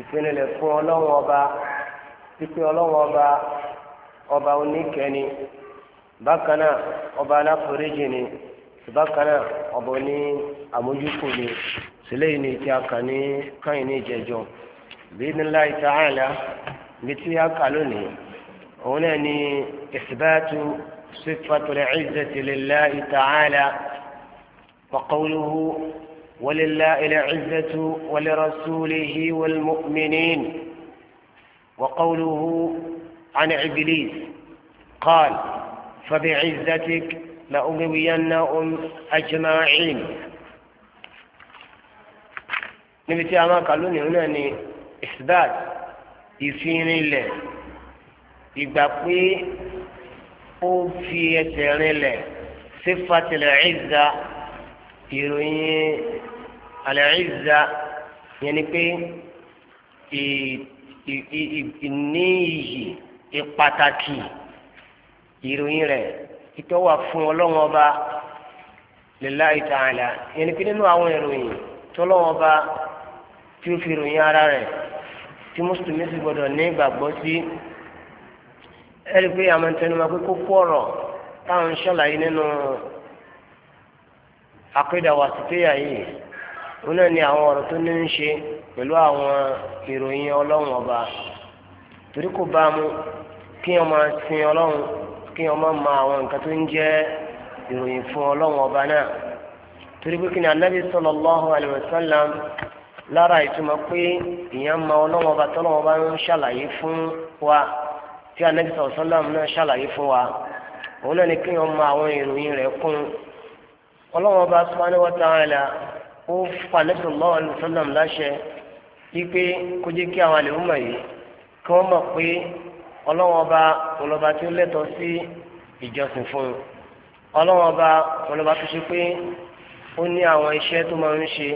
ìfinilẹ̀ fún ọlọ́wọ́n ọba pípé ọlọ́wọ́n ọba ọba oníkẹ́ni bákan náà ọba aláforíjì ni bákan náà ọba oní àmójúkù ni sílẹ̀ yìí ni tí a kà ní káyìn ní ìjẹjọ bi'idhnillahi ta'ala ibi tí a kà lónìí òun náà ni isbatu sifatul izzati lillahi ta'ala wa qawluhu. ولله العزة ولرسوله والمؤمنين وقوله عن إبليس قال فبعزتك لأغوينهم أجمعين نبتي أما قالوا هنا إثبات ìfinrinlẹ̀ الله يبقي ó fi ẹsẹ̀ rinlẹ̀ sífàtìlẹ̀ ìròyìn àlẹ́rìíza yẹn ni pé ìníyì ìpàtàkì ìròyìn rẹ̀ ìtọ́wà fún ọlọ́wọ́n ọba lillahi ta'ala yẹn ni pé nínú àwọn ìròyìn tọ́lọ́wọ́n ọba tí ó fi ròyìn ara rẹ̀ tí mùsùlùmí sì gbọdọ̀ ní ìgbàgbọ́ sí ẹ̀rí pé àmọ́ tẹnumọ́ pé kókó ọ̀rọ̀ táwọn ń ṣàlàyé nínú. àkídà wàsítíyà yìí wọn ihe àwọn ọ̀rọ̀ tó ní ń ṣe pẹ̀lú àwọn ìròyìn ọlọ́run ọba torí kò bá mu kí wọn máa sin kí ma àwọn nǹkan tó ń jẹ́ ìròyìn fún ọba náà torí pé kí ni anabi sallallahu alaihi wasallam lára ma ọba tọ́lọ́run ọba ń ṣàlàyé fún wa tí anabi sallallahu alaihi wasallam náà ṣàlàyé fún wa òun náà ni kí ọlọ́run ọba subhanahu wa ta'ala ó fa nẹ́sọ̀ lọ́wọ́ alùsọ́làm láṣẹ wípé kó jẹ́ kí àwọn àlèhùn mọ̀ yìí kí wọ́n mọ̀ pé ọlọ́run ọba ọlọ́ba tí ó lẹ́tọ̀ọ́ sí ìjọsìn fún un ọlọ́run ọba ọlọ́ba tó ṣe pé ó ní àwọn iṣẹ́ tó máa ń ṣe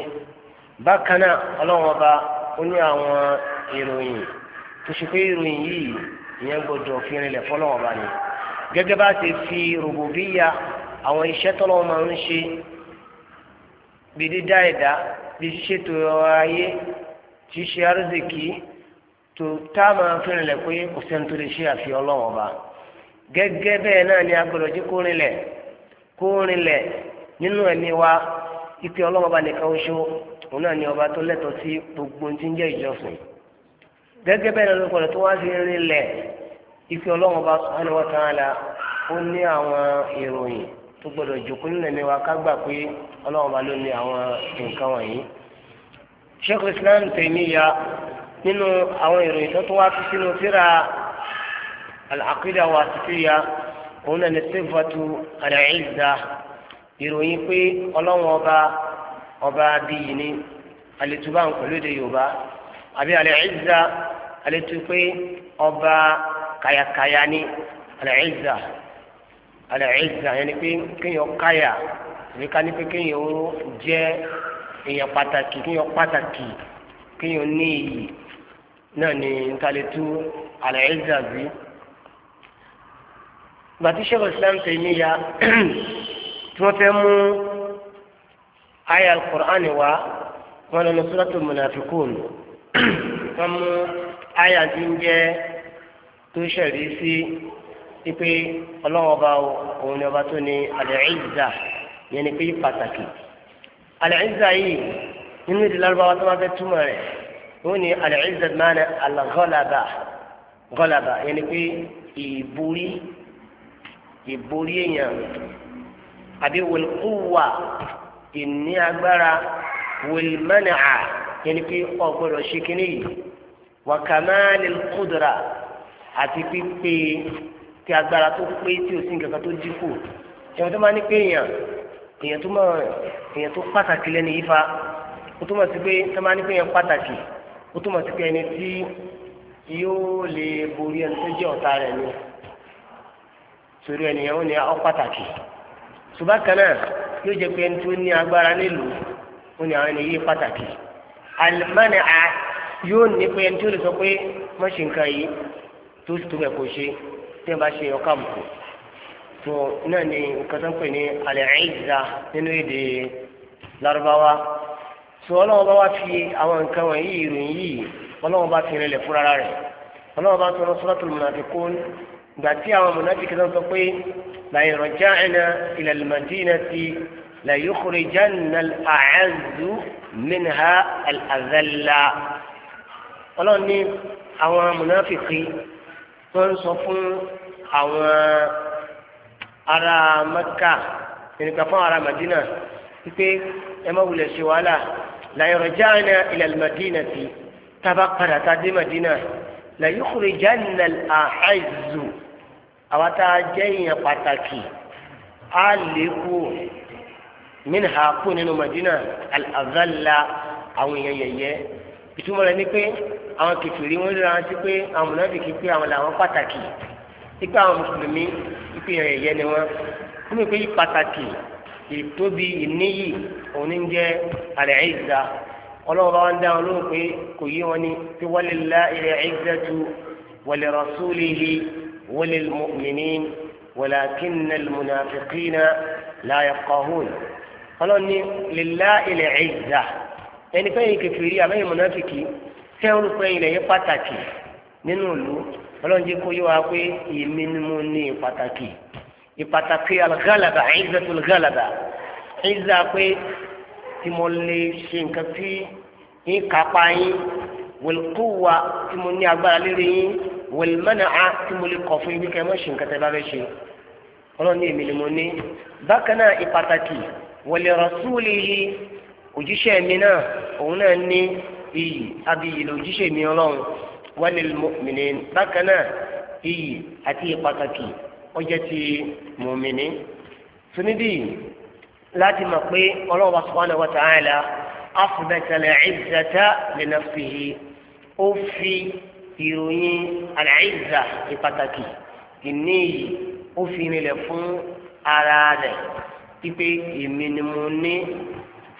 bákan náà ọlọ́run ọba ó ní àwọn ìròyìn tó ṣe pé ìròyìn yìí ìyẹn gbọdọ̀ fi rinlẹ̀ fọlọ́run ọba ni gẹ́gẹ́ bá ti fi rògbòbíyà àwọn iṣẹ́ tọ́lọ́ máa ń ṣe bí dídá ẹ̀dá bí ṣíṣètò ayé tí ṣe tó tá a máa fi rìnlẹ̀ pé kò sẹ́ni tó lè ṣe àfihàn ọlọ́wọ́n gẹ́gẹ́ bẹ́ẹ̀ náà ni kó kó nínú wa ìpè ọlọ́wọ́n nìkan oṣù òun ni ọba tó lẹ́tọ̀ọ́ sí gbogbo ohun tí ń jẹ́ ìjọsìn gẹ́gẹ́ bẹ́ẹ̀ náà ló gbọ́dọ̀ tó wá sí ìpè ọlọ́wọ́n tó gbọdọ̀ jòkó nílẹ̀ mi wá ká gbà pé ọlọ́run bá ló ní àwọn nǹkan wọ̀nyí. sheikh islam Taymiyya nínú àwọn ìròyìn tó tó wá fi sínú síra al-aqida al-wasitiyya òun náà ní sèfàtú al-izza ìròyìn pé ọlọ́run ọba ọba adìyí ni àletúbà ń yorùbá àbí al-izza pé ọba kàyàkàyà ni al alẹ́ ẹ̀ẹ́dà yẹn ni pé kéèyàn káyà èyí ká ní pé kéèyàn ó jẹ́ èèyàn pàtàkì kéèyàn pàtàkì kéèyàn ní iyì náà ni ntàlẹ́tù alẹ́ ẹ̀ẹ́dà bí. gbàtí sèkò Islam tẹ̀ níyà tí wọ́n fẹ́ mú ayé alukur'an wa wọn lọ suratul munafikun wọ́n mú ayé àti ń jẹ́ tó ṣẹ̀rí sí ipe ọlọ́wọ́ bá o òun ni ọba tó ní al-izza yẹn ni pé pàtàkì al-izza yìí nínú ìdílé alùpàá tó máa fẹ́ túmọ̀ rẹ̀ òun ni al-izza ma'na al-ghalaba yẹn ni pé ìborí ìborí èèyàn àbí wal ìní agbára wal yẹn ni pé ọgbọ́dọ̀ ṣe kínní yìí wa àti pípé kí agbára tó pé tí o sì ń kankan tó dínkù èèyàn tó máa ní pé èèyàn èèyàn tó máa èèyàn tó pàtàkì lẹ́nu yìí fa ó túmọ̀ sí pé tó máa ní pé èèyàn pàtàkì ó túmọ̀ sí pé ẹni tí yóò lè borí ẹni tó jẹ́ ọ̀tá rẹ̀ ni torí ẹnìyàn ó ní ọ pàtàkì ṣùgbọ́n kan náà yóò jẹ́ pé ẹni tó ní agbára nílùú ó ní àwọn ẹni yìí pàtàkì alimani a yóò ní pé ẹni tó lè sọ pé mọ̀ṣínkà yìí tó sì tó bẹ̀ kó ṣe tí wọ́n bá ṣe ọkà bùkù tó náà ni nǹkan tó ń pè ní al-izza nínú èdè Lárúbáwá tó ọlọ́wọ́n bá wá fi àwọn nǹkan wọ̀nyí ìròyìn yìí ọlọ́wọ́n bá fi rinlẹ̀ fúnra rẹ̀ ọlọ́wọ́n bá sọ̀rọ̀ suratul munafiqun gbà tí àwọn mùnàfikún náà sọ pé la in raja'na ila al-madinati la yukhrijanna al-a'azzu minha al-azalla ọlọ́run ní àwọn mùnàfikún wọ́n ń sọ fún àwọn ará mẹ́kà ìrìnkà fún ará madina wípé ẹ má wulẹ̀ ṣe wàhálà làyọ̀rọ̀jà ẹ̀nà ilẹ̀ madina ti tábà padà tá a dé madina làyọ̀kùnrin jáde àhàzù àwa tá a jẹ́ ìyẹn pàtàkì á lékù min ha kú nínú madina al-azalla àwọn èèyàn yẹ̀yẹ́ ìtumọ̀ rẹ̀ ni pé àwọn kìfìrí wọn ríra wọn pé àwọn mùnàfíkì pé àwọn làwọn pàtàkì ipe àwọn mùsùlùmí ipe rẹ̀ yẹ ni wọ́n wọ́n mú ipe yìí pàtàkì ìtóbi ìníyì òní ń jẹ́ àlẹ́ ìzà ọlọ́run bá wọn dá wọn lóhùn pé kò yé wọn ni tí walillahi al-izzatu wa li rasulihi wa lil mu'minin walakinna al-munafiqina la yafqahun ọlọ́run ní lillahi al-izza ẹnikẹ́ni kẹfìrí àbẹ́yẹ mùnàfíkì fẹ́ràn pẹ́yìn lẹ́yìn pàtàkì nínú ìlú ọlọ́run jẹ́ kó yé wa pé èmi ni mo ní ìpàtàkì ìpàtàkì alghalaba izzatul ghalaba ìzà pé tí mo lè ṣe nǹkan tí ń kápá yín wal quwwa tí mo ní agbára lérí yín wal man'a tí mo lè kọ̀ fún yín kẹ́ ẹ mọ̀ ṣe nǹkan tẹ́ bá fẹ́ ṣe ọlọ́run èmi ni mo ní bákan náà ìpàtàkì wal rasulihi òjíṣẹ́ mi náà òun náà ní iyì àbí lòjíṣẹ́ mi ọlọ́run walil mu'minin bákan náà iyì àti ìpàtàkì ó jẹ́ ti mùmìnì sunidi láti mọ̀ pé ọlọ́wọ́ subhanahu wa ta'ala afbata al-izzata li nafsihi ó fi ìròyìn al-izza ìní yìí ó fi rinlẹ̀ fún ara rẹ̀ pípé èmi ni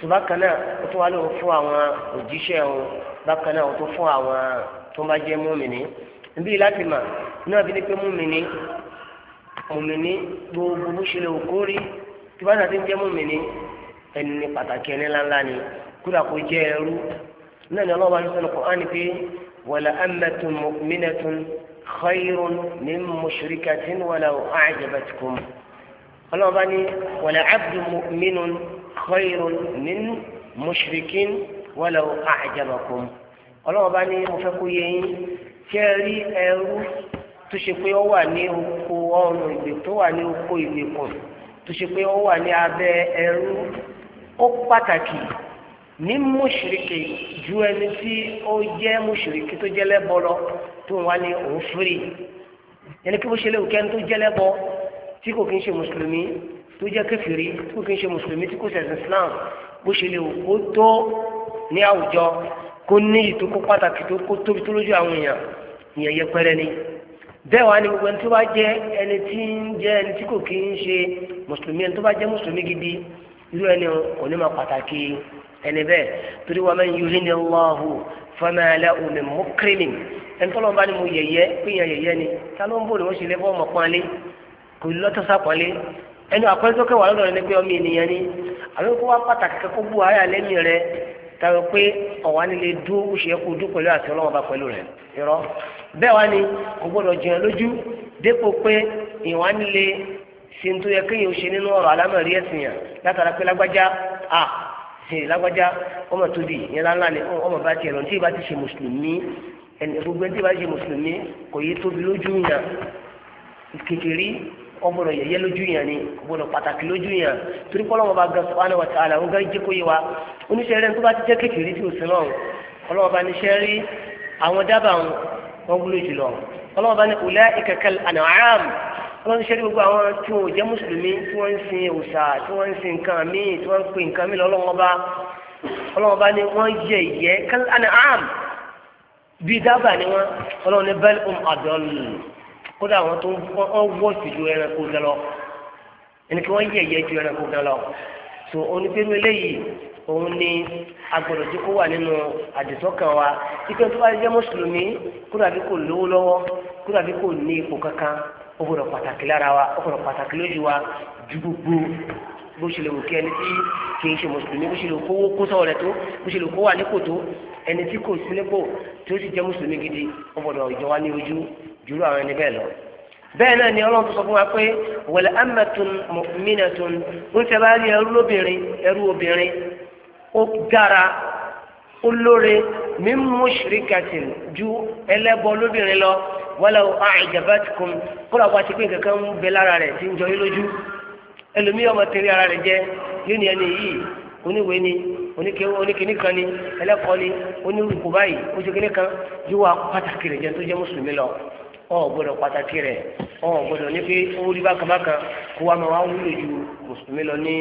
ó tún wá lóun fún àwọn òjíṣẹ́ òun bákan ó tún fún àwọn tó máa jẹ́ múmìnì níbí láti mà inú àbí ní pé múmìnì múmìnì gbogbo bó ṣe lè kó rí tí bá ti ń jẹ́ múmìnì ẹni ní pàtàkì ẹni ńláńlá ni kódà kó jẹ́ ẹrú náà ni ọlọ́wọ́ àti sọ́nù kọ́ á ní pé wala ammatun mu'minatun khayrun min mushrikatin walaw a'jabatkum ọlọ́wọ́ bá ní wala abdun mu'minun khayrun min mushrikin walaw a'jabakum ọlọ́wọ́ bá ní mo fẹ́ kó yẹ yín ṣé ẹ rí ẹrú tó ṣe pé ó wà ní oko ọrùn ìgbè tó wà ní oko ìgbèkùn tó ṣe pé ó wà ní abẹ́ ẹrú ó pàtàkì ní mùṣìríkì ju ẹni tí ó jẹ́ mùṣìríkì tó jẹ́ lẹ́bọ tó wà ní òun firi ẹni kí bó ṣe léwu kẹ́ni tó jẹ́ lẹ́bọ tí kò kí ń ṣe mùsùlùmí tó jẹ́ kèfèrí tí kò kí ń ṣe mùsùlùmí tí kò ṣẹ̀sìn Islam bó ṣe léwu kó tó ní àwùjọ kó ní ìtòkó pàtàkì tó kó tóbi tó lójú àwọn èèyàn ìyẹn yẹpẹrẹ ni bẹ́ẹ̀ wá ní gbogbo ẹni tó bá jẹ́ ẹni tí ń jẹ́ ẹni tí kò kí ń ṣe mùsùlùmí ẹni tó bá jẹ́ mùsùlùmí gidi irú ẹni kò ní máa pàtàkì ẹni bẹ́ẹ̀ torí wa man yuhinillahu fama lahu min mukrimin ẹni tọ́lọ́ bá ní mo yẹ̀yẹ́ pé ìyẹn yẹ̀yẹ́ ni ta ló ń bò ní wọ́n ṣe lẹ́fọ́ ọmọ pọ́nlé kò lọ́tọ̀ sápọ́nlé ẹni àpẹẹrẹ tó kẹwàá lọ́dọ̀ rẹ ni pé ọmọ ènìyàn ni àbẹ́kọ́ wá pàtàkì kẹ́kọ́ tàbí pé ọ̀wá nílé dú ó ṣe kó dú pẹ̀lú àti ọlọ́wọ́ bá pẹ̀lú rẹ̀ irọ́ bẹ́ẹ̀ wá ni kò gbọ́dọ̀ jiyàn lójú dépò pé ìwà nílé ṣe ń tó yẹ kéèyàn ṣe nínú ọ̀rọ̀ alámọ̀rí ẹ̀sìn yàn látara pé lágbájá a ṣe lágbájá ọmọ tó di ìyẹn láńlá ni ọmọ bá tiẹ̀ lọ tí ì bá ti ṣe mùsùlùmí ẹni gbogbo ẹni tí ì bá ṣe mùsùlùmí kò yé tóbi lójú yàn kékeré ọgbọdọ yẹyẹ lójú yẹn ni ọgbọdọ pàtàkì lójú yẹn torí kọlọmọ bá gan sọfọ anáwọ tààlà ń gan jẹkọ yìí wa oníṣẹ rẹ tó bá ti jẹ kékeré tí o sin náà kọlọmọ bá níṣẹ rí àwọn dábàá wọn wúlò jùlọ kọlọmọ bá ní ọlẹ ìkẹkẹl ànàám wọn níṣẹ rí gbogbo àwọn tí wọn ò jẹ mùsùlùmí tí wọn ń sin òòṣà tí wọn ń sin nǹkan míì tí wọn ń pè nǹkan míì lọ́lọ́wọ́ bá ní wọ́n yẹ ìyẹ́ kẹl ànàám bíi dábàá ni wọn kọlọmọ um bẹ́ẹ̀ kódà àwọn tó wọ́ sí ju ẹranko gan lọ ẹni kí wọ́n yẹ̀yẹ́ ju ẹranko gan lọ so onígbẹ́nu eléyìí òun ni agbọ̀dọ̀ tí kò wà nínú àdìsọ́kàn wa ikú tó bá jẹ́ mùsùlùmí kódà bí kò lówó lọ́wọ́ kódà bí kò ní ipò kankan ó gbọ́dọ̀ pàtàkì lára wa ó gbọ́dọ̀ pàtàkì lójú wa ju gbogbo bó ṣe lè wò kí ẹni tí kì í ṣe mùsùlùmí bó ṣe lè kówó kó sọ̀rọ̀ tó bó ṣe lè kó wà nípò tó ẹni tí kò sí nípò tí ó sì jẹ́ mùsùlùmí gidi ó gbọ́dọ̀ jọ wá ní ojú jùlọ àwọn ẹni bẹ́ẹ̀ lọ bẹ́ẹ̀ náà ni ọlọ́run tó sọ fún wa pé wọlé amatun mu'minatun ń tẹ́ bá rí ẹrú lóbìnrin ẹrú obìnrin ó dára ó lóore min mushrikatin ju ẹlẹ́bọ lóbìnrin lọ wọlé a'jabatkum kóra wá ti pé kankan ń bẹ lára rẹ̀ tí ń jọ yín lójú ẹlòmíyàn ọmọ tẹ̀lé ara rẹ̀ jẹ yóò ní ẹni yìí oníwèé ni oníkíní kan ni ẹlẹ́kọ̀ọ́ ni onírúkú báyìí oṣù kìíní kan yóò wá pàtàkì rẹ̀ jẹ́ tó jẹ́ mùsùlùmí lọ ọ gbọ́dọ̀ pàtàkì rẹ̀ ọ gbọ́dọ̀ ní pé owó rí bákan bákan kó wa máa wá wúlò ju mùsùlùmí lọ ní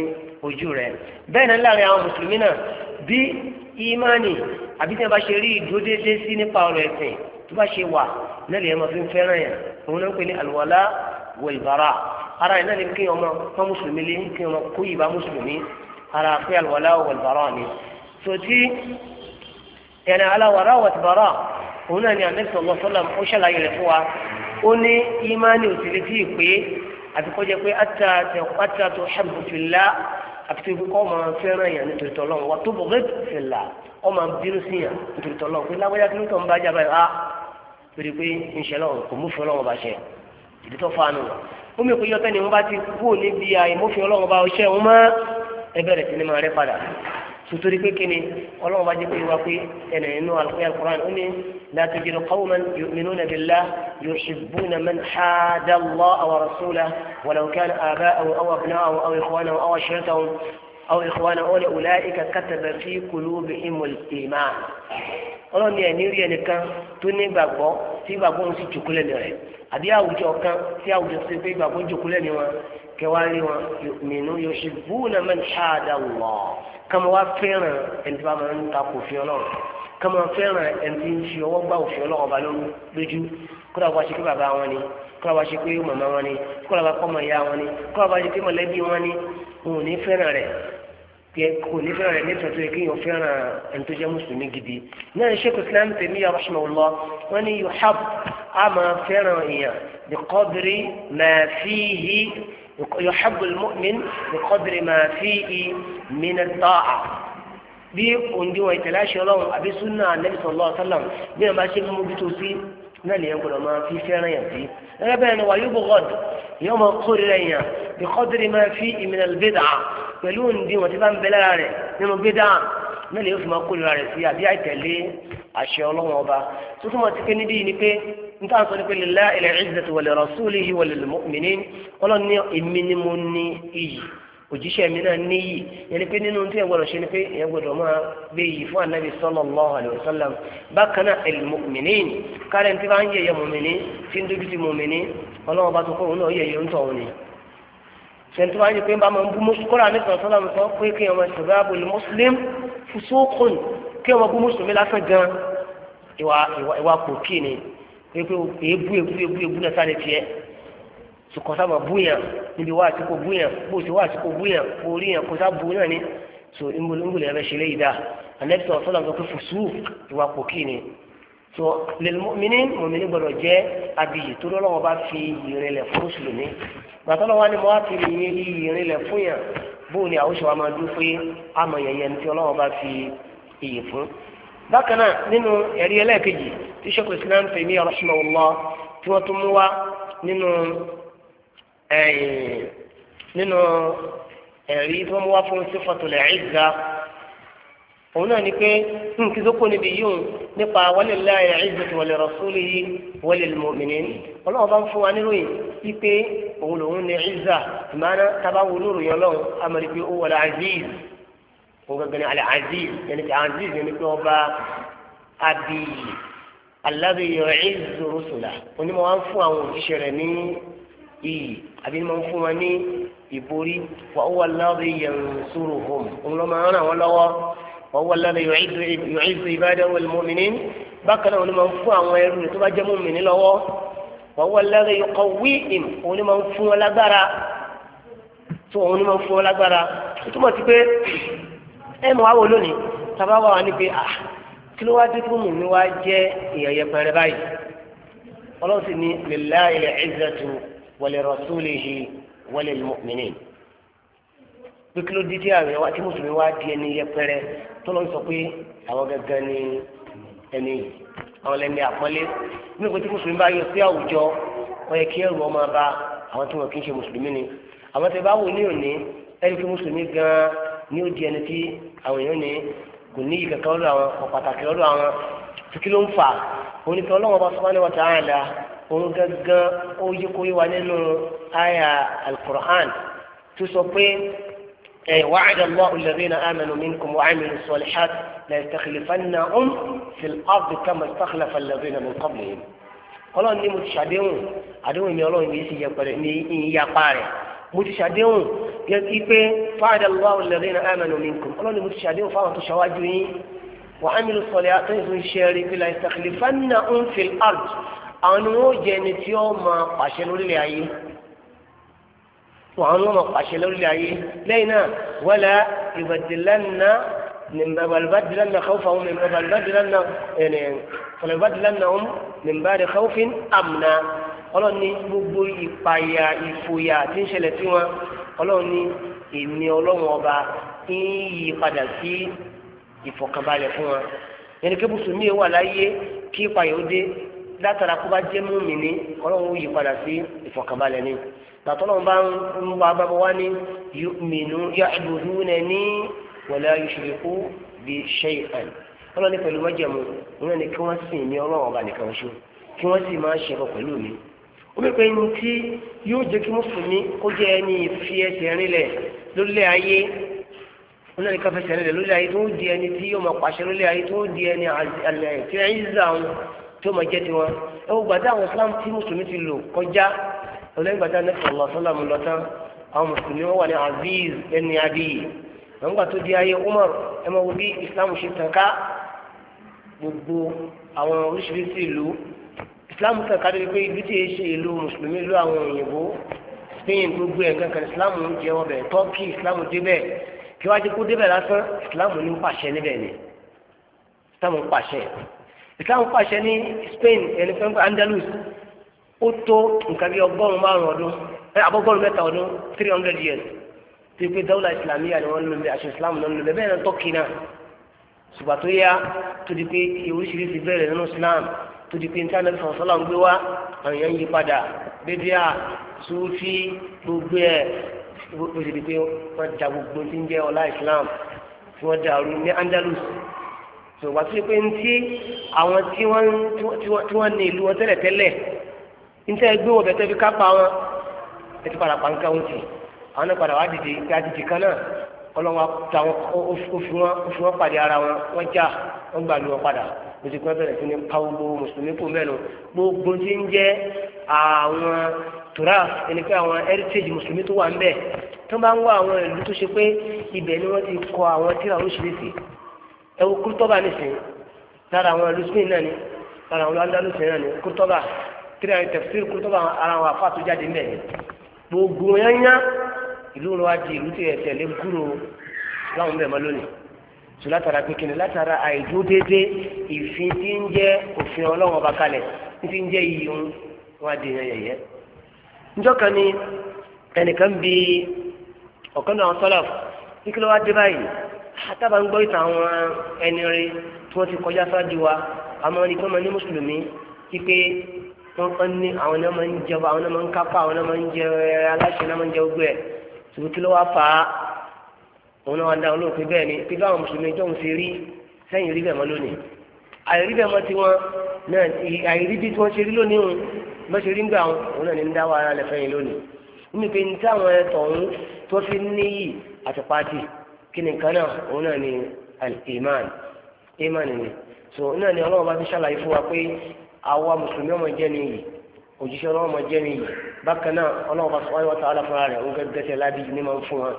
ojú rẹ̀ bẹ́ẹ̀ náà láàrin àwọn mùsùlùmí náà bí ìmánì àbí tí wọ́n bá ṣe rí ìdúródédé sí nípa ọ̀rọ̀ ẹ̀sìn tó bá ṣe wà náà lè yẹn máa fi ń fẹ́ràn yẹn òun náà ń pè ní àlùwàlá wẹ̀lbàrà ara yẹn náà ni kí ọmọ kọ́ mùsùlùmí lé kí ọmọ kó yìí bá mùsùlùmí ara pé àlùwàlá wẹ̀lbàrà ni òun náà ni anabi sọlọ sọlọ ó ṣàlàyé rẹ̀ fún wa ó ní ìmánì òsèlè tí ì pé àtikọ́jẹ́ pé ata tó ṣàbùfìlà àti ibi kọ́ máa fẹ́ràn èèyàn nítorí tọ́lọ́ wa tó bọ̀ gẹ́gẹ́ fìlà ọ máa bínú sí yàn nítorí tọ́lọ́ pé lágbájá kí ló tọ́ ń bá jábá yìí á ah, torí pé ìṣẹ̀lẹ̀ ọ̀hún kò mú fún ọlọ́run ọba ṣẹ ìdí fanu wa ó mi pé yọtẹ́ wọ́n bá ti kú níbi àìmófin ọlọ́run ọba ọṣẹ́ wọn mọ́ ẹbẹ̀rẹ̀ sí ni padà sotori pé kí ni ọlọ́run bá jẹ́ pé wá pé ẹnì inú alùpùpù alukur'an ó ní láti jẹ́ qawman yu'minuna billah yuhibbuna man hada Allah wa rasulahu walau kana aba'ahum aw abna'ahum aw ikhwanahum aw ashiratuhum aw ikhwanahum ulaika kataba fi qulubihimul iman ọlọ́run ní ẹni rí ẹnìkan tó ní gbàgbọ́ tí gbàgbọ́ ń sì jòkó lẹ́nu rẹ̀ àbí àwùjọ kan tí àwùjọ ti pé gbàgbọ́ jòkó lẹ́nu wọn kẹwàárí wọn mìínú yóò ṣe búùnà man ṣáàdà wọ̀ kàmá wá fẹ́ràn ẹni tí wọ́n máa ń ta kò fi ọlọ́run kàmá fẹ́ràn ẹni tí ń fi ọwọ́ gbà òfin ọlọ́run ọba lójú kódà wá ṣe pé bàbá wọn ni kódà wá ṣe pé màmá wọn ni kódà wá pọ́mọ ìyá wọn ni kódà wá ṣe pé mọ̀lẹ́bí wọn ni wọn ní fẹ́ràn rẹ̀ kò ní fẹ́ràn rẹ̀ nítorí tó yẹ kí yóò fẹ́ràn ẹni tó jẹ́ mùsùlùmí gidi náà ṣéèkù Islam tèmi rahimahullah wọn ni yóò hab a máa fẹ́ràn èèyàn bí kọ́bìrì máa fi hí يحب المؤمن بقدر ما فيه من الطاعة بي عندي ويتلاشى لهم أبي سنة النبي صلى الله عليه وسلم بينما شيء مو بتوسي يقول ما في سنة يبي ربنا ويبغض يوم القر بقدر ما فيه من البدعة يلون دي وتبان بلاري من البدعة náà lè yóò fi máa kórìíra rẹ̀ sí àbí àìtẹ̀lé àṣẹ ọlọ́wọ́n ọba tó túmọ̀ sí pé níbí ni pé n táà sọ ni pé lillahi al-izzatu wa li rasulihi wa lil mu'minin ọlọ́ni èmi ni mo ní iyì òjíṣẹ́ mi náà níyì yẹn ni pé nínú tí ẹ gbọdọ̀ ṣe ni pé ẹ gbọdọ̀ máa gbé yìí fún anabi sallallahu alayhi bákan náà al-mu'minin kárẹ̀ tí tí bá ń tọ̀ òun ni pé ń bá máa ń bú mọ́sùkúrà nípa sọ́lá mi sọ pé kí ọmọ ìṣòro àbò lè mọ́sùlẹ́mù fusukun kí ọmọ bú mùsùlùmí lásán gan ìwà ìwà ìwà pòkì ni pépé èébú èébú èébú èébú náà sáré tiẹ̀ sùkọ́ sábà búyàn níbi wá àsìkò búyàn bó o sì wá àsìkò búyàn bó rí yàn kó sá bú náà ni so ńgbòlè ẹ̀rẹ́ ṣe léyìí dá anẹ́bísọ̀ ọ̀sọ́lá sọ pé fùsù ìwà pòkì ni so lèmọ́mìnì mọ̀mìnì gbọ́dọ̀ jẹ́ abiyì tó lọ́wọ́ bá fi ìrìnlẹ̀ fún mùsùlùmí gbàtọ́ lọ́wọ́ ni mo wá fi ìrìnlẹ̀ fún yàn bó ni àwọn ìṣòwò máa dún pé àmọ̀ yẹ̀yẹ́ ní ti ọlọ́wọ́ bá fi iyì fún. bákan náà nínú ẹ̀rí ẹlẹ́ẹ̀kejì tí sẹ́kù islam pè ní rahimahullah tí wọ́n tún mú wá nínú ẹ̀rí tí wọ́n mú wá fún sifatul izza òun náà ni pé nǹkan tó kó níbi yìí òun nípa walillahi al-izzatu wa li rasulihi wa lil mu'minin ọlọ́run bá ń fún wa níròyìn sí pé òun lòun ní ìzà ìmáná tábà wo lóròyìn ọlọ́run amẹ́rì pé ó wọlé aziz òun gangan ní alẹ́ aziz yẹn ti aziz yẹn ni pé ọba abiy alladhi yu'izzu rusulahu onímọ̀ wá ń fún àwọn òjíṣẹ́ rẹ̀ ní iyì àbí mo ń fún wọn ní ìborí wa huwa alladhi yansuruhum òun lọ́ máa ń ràn wọ́n lọ́wọ́ ọwọ́ lẹ́nu yóò ìzù ìbádẹ́ wọlé mọ́mìnì bákan náà onímọ̀ ń fún àwọn ẹrú rẹ̀ tó bá jẹ́ mọ́mìnì lọ́wọ́ ọwọ́ lẹ́nu yóò kọ́ wí ìm onímọ̀ ń fún wọn lágbára tó onímọ̀ ń fún wọn lágbára tó túmọ̀ sí pé ẹ mọ̀ wáwo lónìí tàbá wà wá níbi à ah, kí ló wá dé tó mùmí wá jẹ́ ìyẹ̀yẹ pẹ̀rẹ̀ báyìí ọlọ́run sì ní lillahi al-izzatu wa li rasulihi wa lil mu'minin pé kí ló dé dé àwẹ̀ wá tí mùsùlùmí wá di ẹni yẹpẹrẹ tó lọ sọ pé àwọn gangan ni ẹni àwọn lẹni àpọ́nlé nínú pé tí mùsùlùmí bá yọ sí àwùjọ ó yẹ kí ẹrù ọmọ bá àwọn tí wọn kì í ṣe mùsùlùmí ni àwọn tẹ bá wò ní òní ẹni pé mùsùlùmí gan ni ó di ẹni tí àwọn èèyàn ní kò ní ìkẹkẹ ọlọ àwọn kò pàtàkì ọlọ àwọn kí ló ń fà oníkẹ ọlọ́wọ́n bá subhanahu wa ta'ala òun gangan ó yí kó nínú àyà al tó sọ pé أي وعد الله الذين آمنوا منكم وعملوا الصالحات لا ليستخلفنهم في الأرض كما استخلف الذين من قبلهم ọlọ́run ní mo ti ṣàdéhùn àdéhùn mi ọlọ́run yìí sì yẹ pẹ̀lẹ́ ní ìyapa rẹ̀ mo ti ṣàdéhùn yẹtí pé fáadà lọ́wọ́ lẹ́rìn náà àmàlù mi kù ọlọ́run ní mo ti ṣàdéhùn fáwọn tó ṣàwájú yín wà á mílò sọ̀lẹ̀ àtúnyìn tó ń rí bí láì sàkìlì fánà ń fi àrùt àwọn ni wọ́n jẹ́ ẹni tí ó máa pàṣẹ lórílẹ̀ ayé àwọn ọmọ pàṣẹ lórílẹ̀ ayé lẹ́yìn náà wala ìbàdìlánà nìbàdìlánà khawfahum àwọn nìbàdìlánà ẹ̀rẹ̀ fọlẹ̀bàdìlánà ọ̀hún nìbàdì khawfin amna ọlọ́run ní gbogbo ìpayà ìfòyà tí ń ṣẹlẹ̀ sí wọn ọlọ́run ní èmi ọlọ́run ọba ń yí padà sí ìfọ̀kànbalẹ̀ fún wọn yẹn ni kí mùsùlùmí wà láyé kí ìpayà ó dé látara kó bá jẹ́ mùmínì ọlọ́run ó yí padà sí ìfọ̀kànbalẹ̀ ni tàtọ́lọ́wọ́n bá ń wá bá wá ní yu'minu ya'budunani wala yushriku bi shay'an ọlọ́ni pẹ̀lú májẹ̀mú wọn ni kí wọ́n sìn mí ọlọ́wọ́n bá nìkan ṣe kí wọ́n sì máa ṣe pẹ̀lú mi omi pé ní tí yóò jẹ́ kí mùsùlùmí kó jẹ́ ẹni fi ẹsẹ̀ rinlẹ̀ lórílẹ̀ ayé wọn náà ní ká fẹsẹ̀ rinlẹ̀ lórílẹ̀ ayé tó di ẹni tí yóò máa pàṣẹ lórílẹ̀ ayé tó di ẹni àlẹ́ tí ẹ̀ ń tó máa jẹ́ tiwọn ẹ gbàdá àwọn Islam tí mùsùlùmí ti lò kọjá olóyìnbàtà ní sọlọ sọlọ mi lọtà àwọn mùsùlùmí wọn wà ní aziz ẹni adìyí wọn gbà tó di ayé umar ẹ máa wo bí islam ṣe tàn ká gbogbo àwọn oríṣiríṣi ìlú islam tàn ká débi pé ibi tí yìí ṣe ìlú mùsùlùmí ìlú àwọn òyìnbó spain gbogbo ẹ̀ kankan islam ń jẹ́ wọn bẹ̀ turkey islam débẹ̀ kí wọ́n á ti kó débẹ̀ lásán islam ní pàṣẹ níbẹ̀ ni islam pàṣẹ islam pàṣẹ ní spain ẹni fẹ́ ó tó nǹkan bí ọgọ́rùn-ún márùn-ún ọdún ẹ abọ́gọ́rùn-ún mẹ́ta ọdún three hundred years tí pé dáwùlà ìsìlámíyà ni wọ́n ń lò lẹ́ àṣẹ ìsìlámù náà bẹ́ẹ̀ náà tọ́kì náà ṣùgbà tó yá tó di pé oríṣiríṣi bẹ̀rẹ̀ nínú islam tó di pé nítorí àwọn sọ́lá ń gbé wá àwọn èèyàn yí padà bíbíà sufi gbogbo ẹ̀ ó sì di pé wọ́n da gbogbo tí ń jẹ́ ọlá islam tí wọ́n dàrú ní andalus ṣùgbà tó di pé ní tí àwọn tí wọ́n ní ìlú wọn tẹ́lẹ̀tẹ́lẹ̀ níta ẹgbẹ́ wọ̀ bẹ́tẹ́ fi ká pa wọn ẹ ti padà pa nǹkan wọn jì àwọn náà padà wá dìde ìgbà dìde kan náà ọlọ́wọ́ ta wọn ó fi wọn pàdé ara wọn wọ́n já wọ́n gbà lù wọn padà lójú pé bẹ̀rẹ̀ sí ní pawulo mùsùlùmí kò mẹ́nu gbogbo tí ń jẹ́ àwọn turaf ẹni pé àwọn heritage mùsùlùmí tó wà ń bẹ̀ tó bá ń wá àwọn ìlú tó ṣe pé ibẹ̀ ni wọ́n ti kọ àwọn tíra oríṣiríṣi ẹ̀wọ̀n kúrútọ́bà nìsín lára àwọn ìlú spain náà ni lára àwọn Andalusia náà ni kúrútọ́bà tíra ẹni tẹfsir kúrò tó bá ara wọn afa tó jáde nílẹ̀ gbogbo yányá ìlú wọn di ìlú tí ẹsẹ̀ lé gúrò láwọn mẹ́rin mọ́ lónìí tó látara pé kíni látara àìdúró déédéé ìfin tí ń jẹ́ òfin ọlọ́wọ́n ọba kalẹ̀ tí ń jẹ́ iyì ń wá di yẹn yẹ̀yẹ́ ni ẹnìkan bí ọ̀kan náà sọ́lá kíkí ló wá dé báyìí àtàbà ń gbọ́ ìtàn àwọn ẹni rẹ tí wọ́n ti kọjá sáájú wa àmọ́ ní pé wọ́n ní mùsùlùmí kíkẹ́ wọ́n ní àwọn náà máa ń jọba àwọn náà máa ń kápá àwọn náà máa ń jẹ aláṣẹ náà máa ń jẹ ogbó ẹ̀ ṣùgbọ́n kí ló wá fà á òun náà wá dá ni pé bá àwọn mùsùlùmí ìjọ ṣe rí sẹ́yìn rí bẹ́ẹ̀ mọ́ lónìí àìrí bẹ́ẹ̀ mọ́ tiwọn náà àìrí bí tí wọ́n rí lónìí òun bá ṣe rí ń gbà òun náà ní ń dá wàhálà lẹ̀ fẹ́yìn lónìí nínú pé ní táwọn ẹ̀tọ́ òun tó fi níyì àtìpáàtì kí ni náà òun náà ni al-iman iman ni so náà ni ọlọ́run bá fi ṣàlàyé fún wa pé àwa mùsùlùmí ọmọ jẹ́ ni yìí òjíṣẹ́ ọlọ́wọ́ ọmọ jẹ́ ni yìí bákan náà ọlọ́wọ́ bá sọ́wọ́ wọ́n tààlà fúnra rẹ̀ ń gẹ́gẹ́sẹ̀ lábí ní máa ń fún wọn.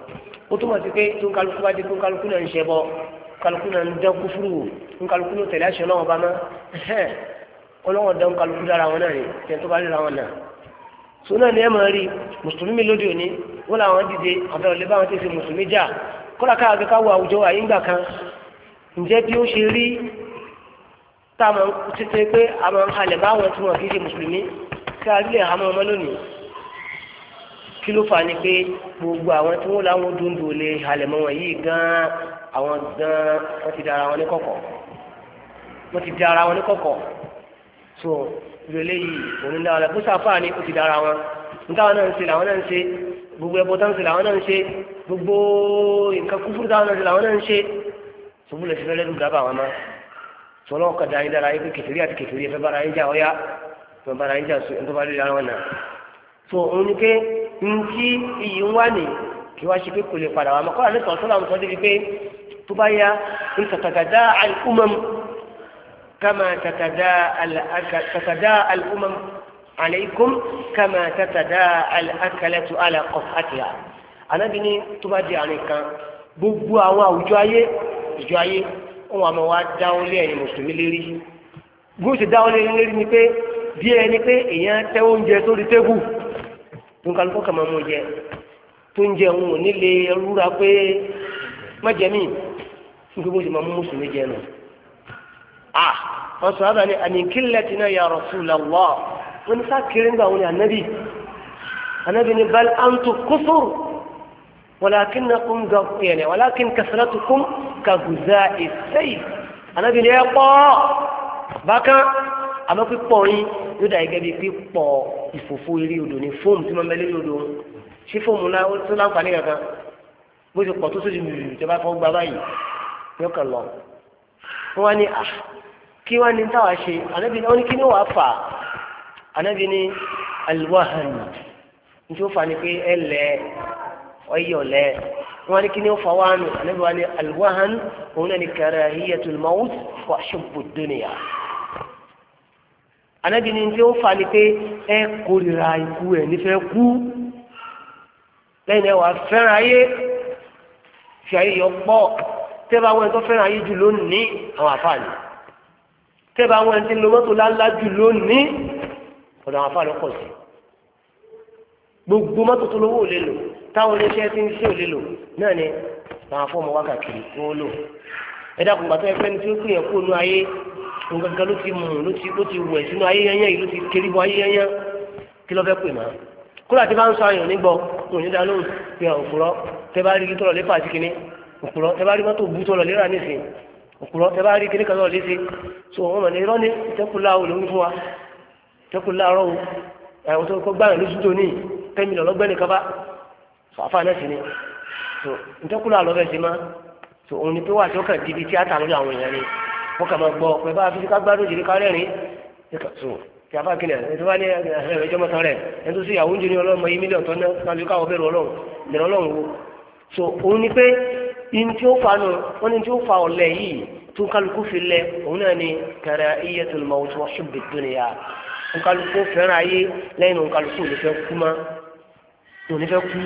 ó túmọ̀ sí pé tó ń kálukú bá dé tó ń kálukú náà ń ṣẹ bọ́ kálukú náà ń dán kúfúrú wò ń kálukú náà tẹ̀lé àṣẹ ọlọ́wọ́ bá mọ́ ọlọ́wọ́ dán kálukú dára wọn náà rè tẹ̀ tó bá rí ra náà sùnà ni ẹ máa rí mùsùlùmí lóde òní wọn làwọn dìde àbẹ òlẹ báwọn ti ṣe mùsùlùmí jà kọlá káàgbé ká wọ àwùjọ táàmù títí pé àwọn alẹ̀ báwọn tí wọ́n kì í ṣe mùsùlùmí kí a lè hàmọ́ ọmọ lónìí kí ló fà ní pé gbogbo àwọn tí wọ́n láwọn dúndú lè halẹ̀ mọ́ wọn yìí gan-an àwọn gan-an wọ́n ti dára wọn ní kọ̀kọ̀ wọ́n ti dára wọn ní kọ̀kọ̀ so ìrọ̀lẹ́ yìí òun dára bó sáfà ni ó ti dára wọn nítawọn náà ń ṣe làwọn náà ń ṣe gbogbo ẹbọ táwọn ṣe làwọn náà ń ṣe gbogbo nǹkan kúfúrú táwọn náà ṣe làwọn náà ń ṣe ṣùgbọ́n lè fi fẹ́ lẹ́nu gàbà wọn máa sọlọ́wọ́ kàdá yín dára yín pé kẹfìrí àti kẹfìrí ẹ̀fẹ́ bára yín jà ọ̀yá ẹ̀fẹ́ bára yín jà sùn ẹ̀fẹ́ bára yín jà wọn náà so òun ni pé nkí iyì ń wá nì kí wá ṣe pé kò lè padà wá mọ́kànlá ní sọ̀tún làwọn sọ débi pé tó bá yá ń tàtàgàdá al-umam kama tàtàdá al-umam alaykum kama tàtàdá al-akalatu ala qafatiha anábìíní tó bá di àárín kan gbogbo àwọn àwùjọ ayé ìjọ ayé wọn àmọ́ wa dáwọ́lé ẹ̀yin mùsùlùmí lérí bí ó ṣe dáwọ́lé ẹ̀yin lérí ni pé bí ẹni pé èèyàn tẹ oúnjẹ sórí tébù nǹkan ló kàn máa mú jẹ tó ń jẹ òun ò ní lè pé má jẹ mí nígbà bó máa mú mùsùlùmí jẹ nù. à wọn sọ àbá ni àníkílẹ̀ tí náà ya Rasulullah wọn ní sáà kiri ń wọn ni ànábì ànábì ni bal antu kufur. ولكنكم يعني ولكن كثرتكم كغزاء السيف أنا بني أقوى بكى àmọ́ pípọ̀ yín yóò dà gẹ́gẹ́ bí pípọ̀ ìfòfó eré odò ní fóòmù tí wọ́n bẹ lórí odò ṣé fóòmù náà ó tó láǹfààní kankan bó ti pọ̀ tó sódì lùlù tí wọ́n bá fọ́ gba báyìí yóò kàn lọ. wọ́n wá ní à kí wọ́n ní táwa ṣe ànábi ní wọ́n ní kí ni wàá fà ànábi ní aliwahan ní tí ó fà ní pé ẹ lẹ ọ̀yọ̀lẹ̀ wọn ni kí ni ó fa wáhánu ànábi wa ni alwahan òun náà ni karahiyatul maut wa hubbu dunya ànábi ni tí ó fa ni pé ẹ kórìíra ikú ẹ nífẹ̀ẹ́ kú lẹ́yìn náà wà á fẹ́ràn ayé fi ayé yọ pọ̀ wọn tó fẹ́ràn ayé jù lónìí àwọn àfààní tẹ́bà wọn tí lọ́mọ́tò láńlá jù lónìí ọ̀dọ̀ àwọn àfààní pọ̀ sí gbogbo mọ́tò tó lówó lè lò táwọn oníṣẹ́ ti ń ṣe òlè lò náà ni àwọn afọ́mọ wákàtí tí lò ẹ dákun gbàtọ́ ẹ fẹ́ni tí ó pè kó nu ayé nǹkan ló ti mú ló ti ló ti wẹ̀ sínú ayé yẹn yìí ló ti kiri bọ ayé yẹn yẹn kí ló fẹ́ pè má kúrò àti bá ń sọ ayọ̀ nígbọ́ kò ní dáná pé òkúrọ́ tẹ bá rí kí tọ̀lọ̀ lé pàṣẹ kínní òkúrọ́ tẹ bá rí mọ́tò bú tọ̀lọ̀ lé rà nísìn òkúrọ́ tẹ bá rí kíní kan tọ̀lọ̀ lé sí so wọn mọ̀ ní irọ́ ní ìtẹ́kùlá o lòún fún wa ìtẹ́kùlá rọ́ o àwọn tó kọ́ gbáyàn lóṣù kaba fàáfà náà sì ni tó ntẹ́kùlù àlọ́fẹ́ sí ma tó òun ni pé wà tí ó kàn di ibi tíátà lórí àwọn èèyàn ni wọ́n kà máa gbọ́ pé bá a fi ká gbádùn jìnnì ká rẹ́rìn tó kí a bá kí ni ẹ̀ tó bá ní ẹ̀ ẹ̀jọ́ mọ́ta rẹ̀ ẹ̀ tó sì yàwó ń jẹ́ ní ọlọ́mọ yìí mílíọ̀nù tó náà kálí káwọ́ bẹ̀rù ọlọ́run ọlọ́run wo so òun ni pé in tí ó fa nù wọ́n ní tí ó fa ni kẹrẹ iye tó lọ́mọ òtún ọ̀ṣun bìtúnìyà nkálukú fẹ́ràn ayé lẹ́yìn nkálukú ò tí òní fẹ́ kú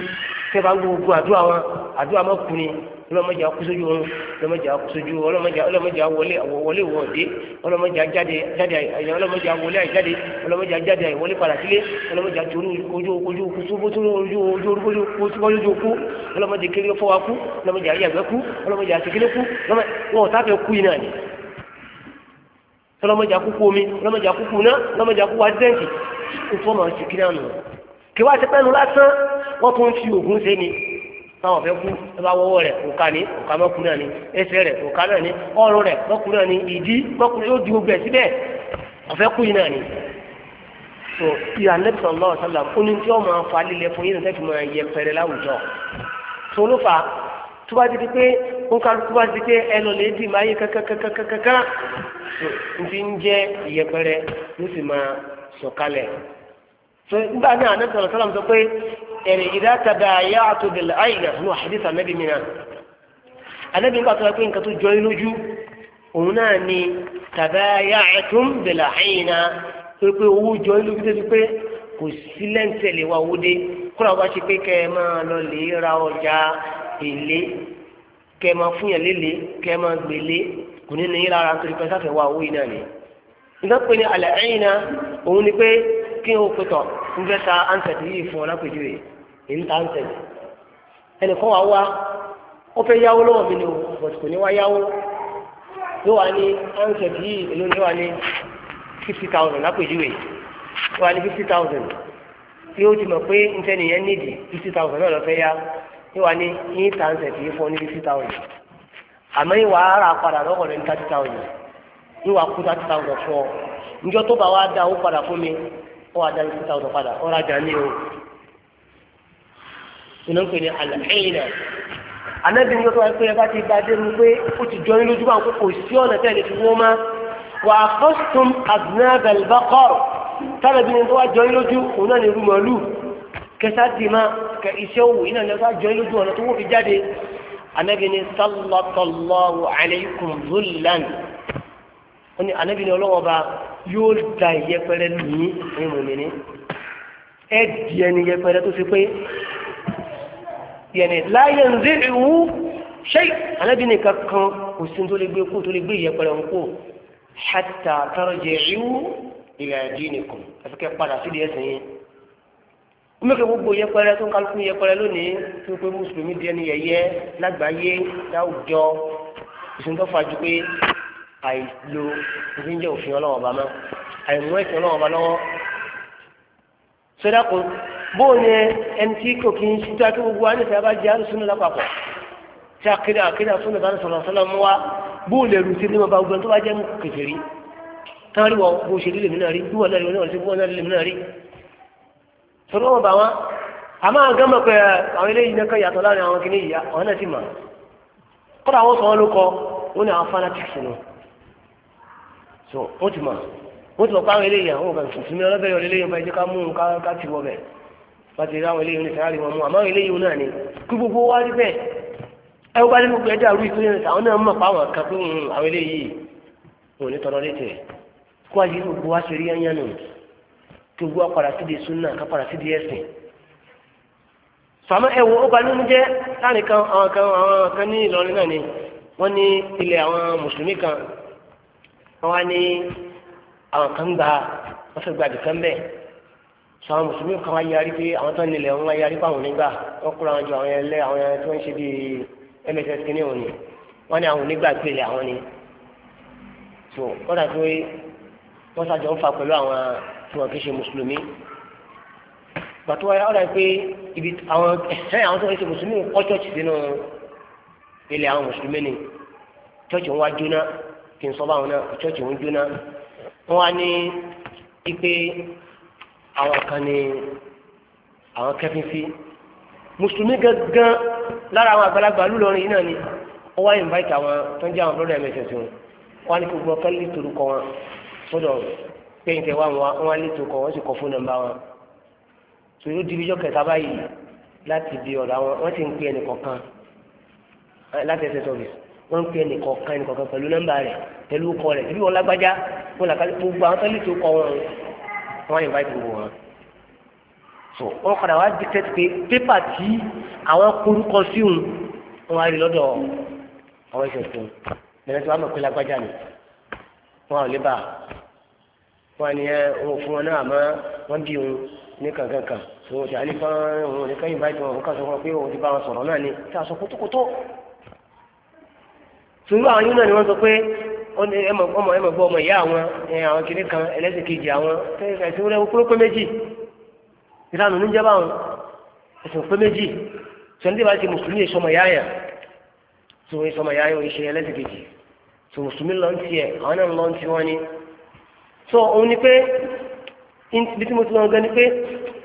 tẹ́ bá ń gbọ́ gbogbo àdúrà wọn àdúrà má kú ni ọlọ́mọdé akúsójú wọn ọlọ́mọdé akúsójú ọlọ́mọdé ọlọ́mọdé awọlé awọlé wọ̀ọ́dé ọlọ́mọdé ajáde jáde àyè ọlọ́mọdé awọlé àjáde ọlọ́mọdé ajáde àyèwọlé padà sílé ọlọ́mọdé àtúrú ojú ojú kúsú bó tún ojú ojú orúkọ ojú bó lójú kú ọlọ́mọdé kéré fọwọ́ kú ọlọ́mọdé ayélujára kú ọlọ́mọdé àtẹkẹlẹ kú wọn ò sáfẹ́ kú iná ni ọlọ́mọdé akúkú omi ọlọ́mọdé akúkú iná ọlọ́mọdé akúkú adẹ́ǹtì kí wá ti pẹ́nu lásán wọ́n tún fi ògùn ṣe ni táwọn fẹ́ kú ẹ bá wọ́wọ́ rẹ̀ òka ni òka mọ́kù náà ni ẹsẹ̀ rẹ̀ òka náà ni ọrùn rẹ̀ mọ́kù náà ni ìdí mọ́kù náà yóò di gbogbo ẹ̀ síbẹ̀ ọ̀fẹ́ kú yìí náà ni. so ìyá nẹ́bìsọ̀ lọ́wọ́ sọ́la ó ní tí wọ́n máa fa lílẹ̀ fún yín lẹ́fì máa yẹ pẹrẹ láwùjọ. tó ló fà tó bá ti di pé ó ká tó bá ti di pé ẹ lọ lè dì máa yé kankankankankan nígbà náà anabi sọ̀rọ̀ sọ́lá sọ pé ẹ̀rẹ̀ ìdákadà ayé àtòbẹ̀lẹ̀ àyìnà ní àdìsá anabi mìíràn anabi nígbà sọ̀rọ̀ pé nǹkan tó jọ inú ojú òun náà ni tàbí ayé àtòbẹ̀lẹ̀ àyìnà pé pé owó jọ inú ojú débi pé kò sí lẹ́ǹtẹ̀ lè wá owó dé kúrò àwọn aṣọ pé kẹ́ ẹ máa lọ lè ra ọjà èlé kẹ́ ẹ máa fún yàn lélẹ̀ kẹ́ ẹ máa gbélé kò ní ní yín lára nítorí pé sáfẹ̀ wá owó yìí náà ni kí n ò n ta fún ọ lápèjúwe èyí ń ta ansẹ̀t ẹnìkan wà wá ó fẹ́ mi ni o bọ̀t kò ní wá yáwó na wà ní ni wà ní fifty thousand lápèjúwe ló wà ní fifty thousand tí ó ti mọ̀ pé n fẹ́ nìyẹn nídìí fifty thousand náà lọ ọ fifty thousand àmọ́ ara padà lọ́kọ̀ rẹ̀ thirty thousand kú thirty thousand fún tó bá ó wá dání two thousand padà ó rajà ní o iná ń pè ní àlàyé anabi ni o tó wá pé ẹ bá ti bá dé mu pé ó ti jọ yín lójú bá ń pé kò sí ọ̀nà tẹ́lẹ̀ fi wọ́n máa wà á kọ́sítọ́m àdínàbẹ̀ lùbákọ́rọ̀ tálẹ̀ bí ni tó wá jọ yín lójú òun náà ní irú màálù kẹsà dì má kẹ iṣẹ́ òwò iná ní ọjọ́ jọ yín lójú ọ̀nà tó wọ́n fi jáde anabi ni sallallahu alaykum zullan wọ́n ní anabi ni ọlọ́wọ́ bá yóò da ìyẹpẹrẹ lùyìn ní mòmìnì ẹ di ẹni yẹpẹrẹ tó fi pé yẹnì láyé ń zé ìwú ṣé anabi ni kankan kò sí tó lè gbé kó tó lè gbé ìyẹpẹrẹ ń kó hàtà tọrọjẹ ìwú ìlà ẹdí nìkan àfi padà sídìí ẹsẹ̀ yẹn mẹ́kẹ́ gbogbo yẹpẹrẹ tó ń kálukú yẹpẹrẹ lónìí tó pé mùsùlùmí di ẹni yẹyẹ lágbàáyé láwùjọ ìsìnkọ́fà ju pé àìlo ìdíjẹ òfin ọlọ́wọ́ ọba mọ́ àìmú ẹ̀sìn ọlọ́wọ́ ọba lọ́wọ́ sódàkùn bóun ni ẹni tí kò kí ń ṣí tó akéwì gbogbo àná ìfẹ́ bá jẹ́ àrùsùn náà lápapọ̀ tí akéde akéde àfúnà bá ń sọ̀rọ̀ sọ́lọ́ mú wa bóun lè rùsí ní ọba gbogbo tó bá jẹ́ kèfèrí tán rí wọn bó ṣe líle mìíràn rí bí wọn náà rí wọn náà rí bí wọn náà wọn bá wọn àmọ́ mọ̀ pé àwọn eléyìí náà kọ́ yàtọ̀ láàrin àwọn kìnìyà àwọn náà sì mọ̀ kọ́dà so ó ti mọ̀ ó ti mọ̀ páwọn eléyìí àwọn òkàn ìsinmi ọlọ́bẹ̀ yọ lélẹ́yìn bá ẹjẹ́ ká mú un ká ti wọ̀ bẹ̀ bá ti rí àwọn wọn mú náà ni kí gbogbo rí ẹ wọ́n bá ní gbogbo rú ìpínlẹ̀ àwọn náà mọ̀ kan pé hmm, àwọn wọn ò ní létí kó gbogbo ṣe rí nù kí gbogbo wọn wá ní àwọn kan gba wọn fẹ́ gba dùkán bẹ́ẹ̀ sọ àwọn mùsùlùmí kan wá yarí pé àwọn tó ń nílẹ̀ wọn wá yarí pé àwọn onígbà wọn kúrò àwọn jọ àwọn ẹlẹ́ àwọn ẹni tó ń ṣe bíi mss kínní òun ni wọn ní àwọn onígbà gbélé àwọn ni so wọn dàbí pé wọn ṣàjọ ń fa pẹ̀lú àwọn tí wọn kì í ṣe mùsùlùmí gbàtú wáyé ọ̀rọ̀ pé ibi àwọn ẹ̀sẹ̀ àwọn tó ń ṣe mùsùlùmí kọ́ chọ́ọ̀chì sínú ilẹ̀ àwọn mùsùlùmí ni chọ́ọ̀chì wọn wá jóná kí n sọ báwọn náà chọ́ọ̀chì ń jóná wọ́n wá ní ipe àwọn kan ní àwọn kẹfín sí mùsùlùmí gangan lára àwọn àgbàlagbà lùlọrin yìí náà ni wọ́n wá invite àwọn tó ń jẹ́ àwọn brother mss wọn wọ́n á ní gbogbo ọkọ lè torúkọ wọn sọ́dọ̀ pẹ́yìntì wa wọ́n á lè torúkọ wọn sì kọ fún nọ́mbà wọn tòyó dibijọ́ kẹta báyìí láti di ọ̀dọ̀ àwọn wọ́n ti ń pè ẹnì kọ̀ọ̀kan láti ẹsẹ̀ service wọ́n ń pe ẹnìkọ̀ọ̀kan ẹnìkọ̀ọ̀kan pẹ̀lú nọ́mbà rẹ̀ pẹ̀lú kọ rẹ̀ bí wọ́n lágbájá làkà gbogbo àwọn tọ́lí kọ wọn wọ́n invite gbogbo wọn. so wọ́n padà wá di tẹ́tí pé pépà tí àwọn korúkọ sí òun wọ́n á rí lọ́dọ̀ àwọn ìṣẹ̀tún bẹ̀rẹ̀ tí wọ́n mọ̀ pé lágbájá ni wọ́n á lè bá wọ́n á ẹ òun fún wọn náà àmọ́ wọ́n bí òun ní kankankan so òun ti àlè fún ní kẹ́yìn báyìí tó wọn pé a sọ kótókótó sùúrù àwọn yìí náà ni wọ́n sọ pé ọmọ ẹmọ gbọ́ ọmọ ìyá àwọn àwọn kìnnì kan ẹlẹ́sìn kejì àwọn ẹ̀sìn wọlé kúrò pé méjì ìlànà oníjẹ́ báwọn ẹ̀sìn pé méjì sọ̀rọ̀ nígbà tí mùsùlùmí èso ọmọ ìyá yẹn tó èso ọmọ ìyá yẹn ò ṣe ẹlẹ́sìn kejì tó mùsùlùmí lọ́n ti ẹ̀ àwọn náà lọ́n ti wọ́n ni. sọ òun ni pé bí tí mo ti lọ gan ni pé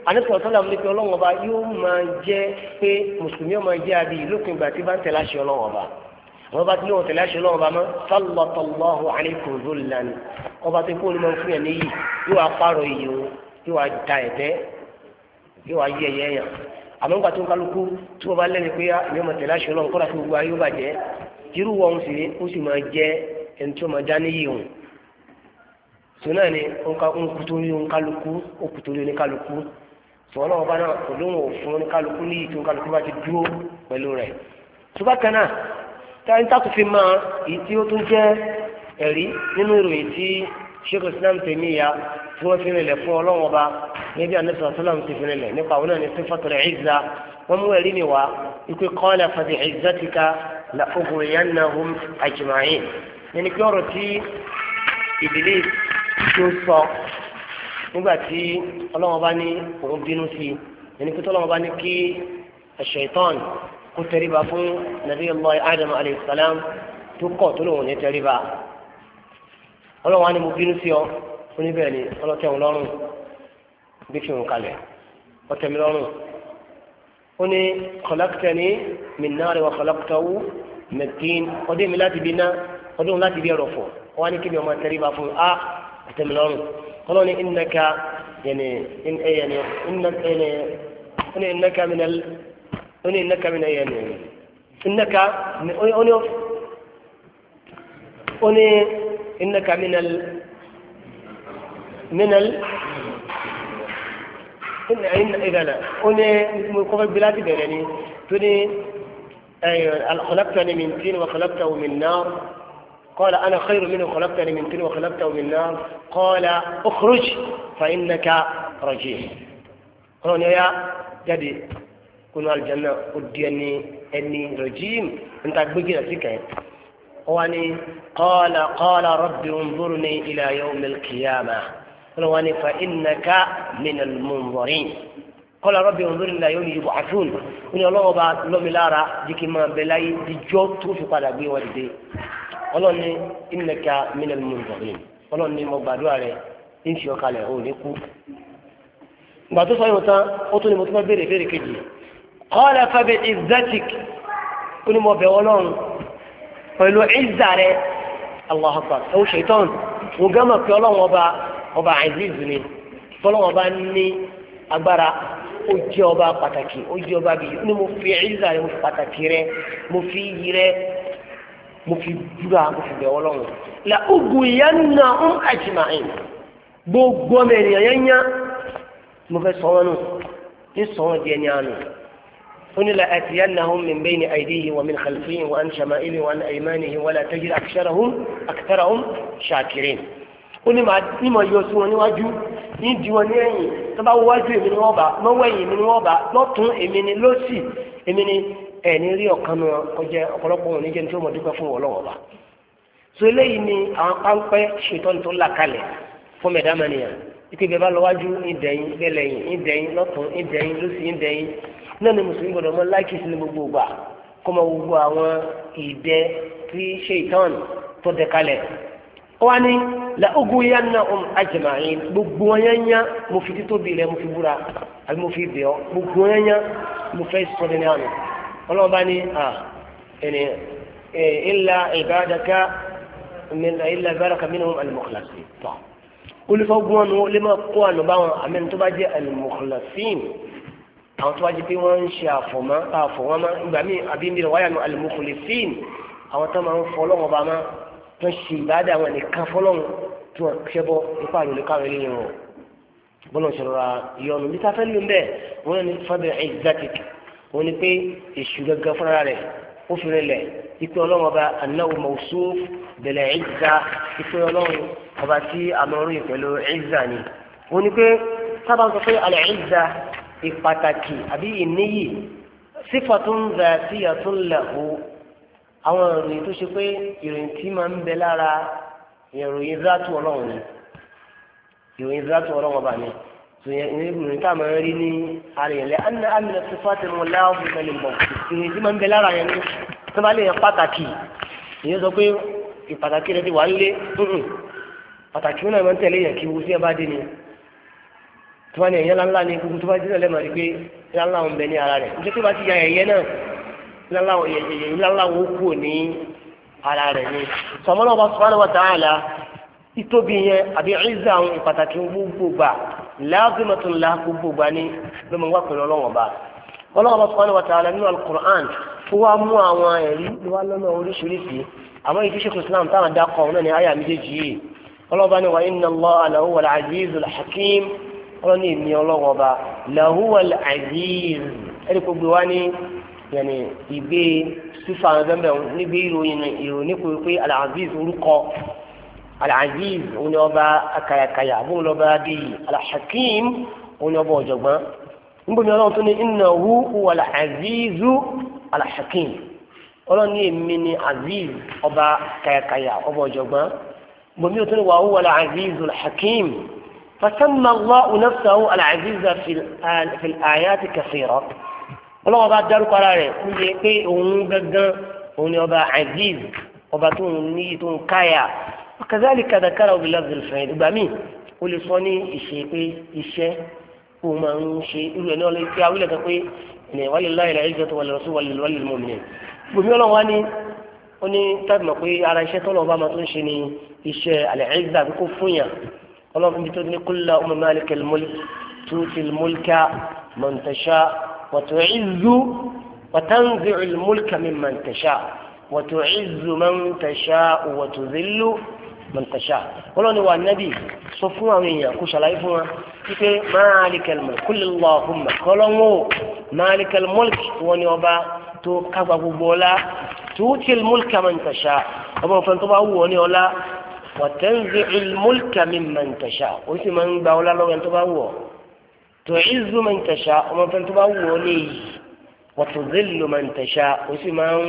àníṣe sọ́lá mi pé ọlọ́wọ́n yóò máa jẹ́ pé mùsùlùmí ọmọ wọ́n bá ti ní òtẹ̀lẹ́ aṣọ lọ́wọ́ bá mọ́ sallallahu alaykum zullan ọba tó kúrò ní mọ́ fún yẹn níyì yóò wá pààrọ̀ iyì o yóò wá da ẹ̀tẹ́ yóò wá yí ẹ̀yẹ́ yàn àmọ́ nígbà tó ń kálukú tí wọ́n bá lẹ́nu pé yóò ah, mọ̀ tẹ̀lẹ́ aṣọ lọ́wọ́ kọ́ra fún gbogbo ayé ó bàjẹ́ irú wọn sì ni ó sì máa jẹ́ ẹni tó máa dá níyì o sọ náà ni ònkútórí ònkálukú òkútórí oníkálukú sọ ọlọ́wọ́ bá náà olóhùn òfin oníkálukú níyì náà táyì tàkùn fi máa èyí tí ó tún jẹ́ ẹ̀rí nínú ìròyìn tí sheikh islam tèmíya tí wọ́n fi rinlẹ̀ fún ọlọ́wọ́n ọba níbi anisa sọlọ́m ti fi rinlẹ̀ nípa àwọn náà ní sifatul izza wọ́n mú ẹ̀rí ni wá ikú qala fa bi izzatika la ughwiyannahum ajma'in nínú pé ọ̀rọ̀ tí Iblis tó sọ nígbà tí ọlọ́wọ́n bá ní òun bínú sí i pé tọ́lọ́wọ́n bá ní kí ash ó tẹríba fún nabiyullah adam alayhi salam tó kọ̀ tó lòun ní tẹríba ọlọ́run á ní mo bínú sí ọ oníbẹ̀rẹ̀ ni ọlọ́tẹ̀hún lọ́rùn gbé fi hùn kalẹ̀ ọtẹ̀mí lọ́rùn ó ní khalaqtani min nar wa khalaqtahu min tin ọdẹ mi láti bí ná ọdún láti bí ẹrọ̀fọ̀ wọ́n á ní kí ọmọ tẹríba fún a ah, ọtẹ̀mí lọ́rùn ọlọ́run ní innaka yẹni ẹ̀yẹni eh, أني إنك من mi náà إنك أني أني أني إنك من ال ní ìnáka إن إن إذا لا أنا مكوف بلاد يعني تني خلقتني من تين وخلقته من نار قال أنا خير منه خلقتني من تين وخلقته من نار قال اخرج فإنك رجيم هون يا جدي olú àlùjáná ó di ẹni ẹni rọ̀jìm níta gbégi rẹ̀ sí kẹ́ wọ́n ní qala qala rabbi unzurni ila yawm al-qiyamah wọ́n ní fa innaka minal munzirin qala rabbi unzurni ila yawm yub'athun wọ́n ní ọlọ́wọ́ bá lọ́mi lára jíkì máa bẹ láyé díjọ́ tó fi padà gbé wọn dìde wọ́n ní innaka minal munzirin wọ́n ní mo gbàdúrà rẹ̀ ń fi ọkàlẹ̀ òní kú gbàtó sọ yóò tán ó tún ní mo tún bá béèrè béèrè kejì qala fa bi izzatik ó ní mo bẹ̀ wọ́n lọ́rùn pẹ̀lú Akbar ọba ọba aziz ni fọlọ́run ọba ní agbára ó jẹ́ ọba pàtàkì ó jẹ́ ọba bíi ní mo fi ìzà rẹ̀ mo fi pàtàkì rẹ̀ mo fi iyì rẹ̀ mo fi dúra mo fi bẹ̀ wọ́n la ugu yẹn na ń gbogbo ọmọ ènìyàn yẹn yá mo fẹ́ sọ wọn nù ní sọ wọn di àná. قل لآتينهم من بين أيديهم ومن خلفهم وعن شمائلهم وعن أيمانهم ولا تجد أكثرهم أكثرهم شاكرين ó ní màá ní màá yọ sí wọn níwájú ní di wọn ní ẹ̀yìn tó bá wájú èmi ni wọn bá mọwẹyìn èmi ni wọn bá lọtún èmi ni lọsì èmi ni ẹni rí ọkàn nu ọjẹ ọ̀pọ̀lọpọ̀ wọn níjẹ ní tí wọn dúpẹ́ fún wọn lọ́wọ́ bá so eléyìí ni àwọn páńpẹ́ ṣetán tó là kalẹ̀ fún mẹdámẹnìyàn ikú ibẹ̀ bá lọ wájú ìdẹ̀yìn ìbẹlẹyìn ìdẹ̀yìn lọtún ìdẹ̀yìn lọsì ìdẹ̀yìn náà ni mùsùlùmí gbọdọ̀ mọ láìkì sí ní gbogbo ìgbà kó mọ gbogbo àwọn ìdẹ tí ṣèitán tó dẹ kalẹ̀ wọ́n ní la ogun ya na ọm ajma'in gbogbo ọyanya mo fi títóbi rẹ mo fi búra àbí mo fi bẹ̀ ọ́ gbogbo ọyanya mo fẹ́ sọ̀rọ̀ ní àná ọlọ́run bá ní à ẹni illa ibadaka illa ibadaka minhum al-mukhlasin tọ́ olùfọ́gbọ́n ni wọ́n lè máa kó àná àmì tó bá jẹ́ al àwọn tó wájú pé wọ́n ń ṣe àfọ̀mọ́ àfọ̀wọ́mọ́ ìgbà míì àbímbí rẹ̀ wáyà nù al-mukhlisin àwọn tó máa ń fọlọ́wọ́ bá má tó ń ṣe ìbáàdà àwọn nìkan fọlọ́wọ́ tó wọn ṣẹ́ bọ́ nípa àlòlẹ̀ káwọn eléyìí wọn bọ́lá ṣọlọ́ra yọnu bí sáfẹ́ ló ń bẹ̀ wọ́n ní fábẹ́ exotic wọ́n ní pé èṣù gẹ́gẹ́ fúnra rẹ̀ ó fi rẹ̀ lẹ̀ ipe ọlọ́wọ́n ọba anáwó mọ̀ọ́sùf bẹ̀lẹ̀ ẹ̀ẹ́dà ipe ọlọ́wọ́n ọba tí àmọ́ pẹ̀lú ẹ̀ẹ́dà ni wọ́n ní pé sábà ń sọ pé àlẹ́ ẹ̀ẹ́dà ìpàtàkì àbí ìníyì sífàtún zàtìyàtún lahu àwọn ìròyìn tó ṣe pé ìròyìn tí máa ń bẹ lára ìròyìn zàtù ọlọ́run ni ìròyìn zàtù ọlọ́run ọba ni ìròyìn tá a máa rí ní ara yẹn anna amina sífàtì mu láàbù mẹlẹ mọ ìròyìn tí máa ń bẹ lára yẹn ni tó bá lè yẹn pàtàkì ìyẹn sọ pé ìpàtàkì rẹ ti wà ń lé pàtàkì náà máa ń tẹ̀lé yẹn kí wọ́n sí ẹ bá dé ni tí wọ́n ní ẹ̀yẹ́ ńláńlá ni gbogbo tó bá dín lẹ́mọ̀ rí pé ńláńlá òun bẹ ní ara rẹ̀ nítorí tó bá ti ya ẹ̀yẹ́ náà ńláńlá òun kù ní ara rẹ̀ ni sọmọlá ọba subhanahu wa ta'ala ìtóbi yẹn àbí ẹ̀ríza àwọn ìpàtàkì gbogbo gbà láàbìmọ̀tò ńlá gbogbo gbà ní lọ́mọ wà pẹ̀lú ọlọ́wọ̀n bá ọlọ́wọ́n bá subhanahu wa ta'ala nínú alukur'an ó wá mú àwọn ẹ̀rí wá lọ́nà oríṣiríṣi àmọ́ ìdíṣe inna Allah lahu wal azizul hakim ọlọ́ni èmi ọlọ́wọ́ ọba lahuwal aziz ẹni kò gbé wá ní yẹnì ìgbé sífà ọ̀dọ́mbẹ̀ níbi ìròyìn ìròyìn kò pé alaziz orúkọ alaziz òun ni ọba akayakaya bóun lọ́ba bíi alhakim òun ni ọba ọ̀jọ̀gbọ́n níbo ni ọlọ́run tó ní innahu huwal azizu alhakim ọlọ́run ní èmi ni aziz ọba kayakaya ọba ọ̀jọ̀gbọ́n gbòmí ò tó ní wàhùwal azizu alhakim. فسمى الله نفسه العزيز في في الآيات كثيرة الله أبا دارك على رأي هون أبا عزيز أبا تون كايا وكذلك ذكره باللفظ الفعل أبا مين قل صوني إشي إشي وما نشي إلو أنه ليس يعويل كوي ولله العزة والرسول وللمؤمنين بمي الله واني oni tẹ́gbọ̀n pé ara iṣẹ́ tọ́lọ̀ ọba máa tún ṣe ni iṣẹ́ àlẹ́ ọlọ́run bí tó ní kúlẹ̀ ọmọ malik al-mulk tuuti al-mulka man tasha wa tu'izzu wa tanzi'u al-mulka mimman tasha wa tu'izzu man tasha wa tudhillu man tasha ọlọ́run ni wà nábì sọ fún àwọn èèyàn kó ṣàlàyé fún wa pípé malik al-mulk kúlẹ̀ allahumma kọ́lọ́wọ́ malik al wọn ni ọba tó kágbá gbogbo ọlá tuuti mulka man tasha ọba bá wù ọ ní ọlá wàtẹ́ǹzì ìmúlkà mi mà ń tẹ̀sà ó sì máa ń gba ọlá lọ́wọ́ ẹni tó bá wù ọ́ tó ìzú mà ń tẹ̀sà ọmọ fẹ́ tó bá wù ọ́ lè yí wàtúndínlù mà ń tẹ̀sà ó sì máa ń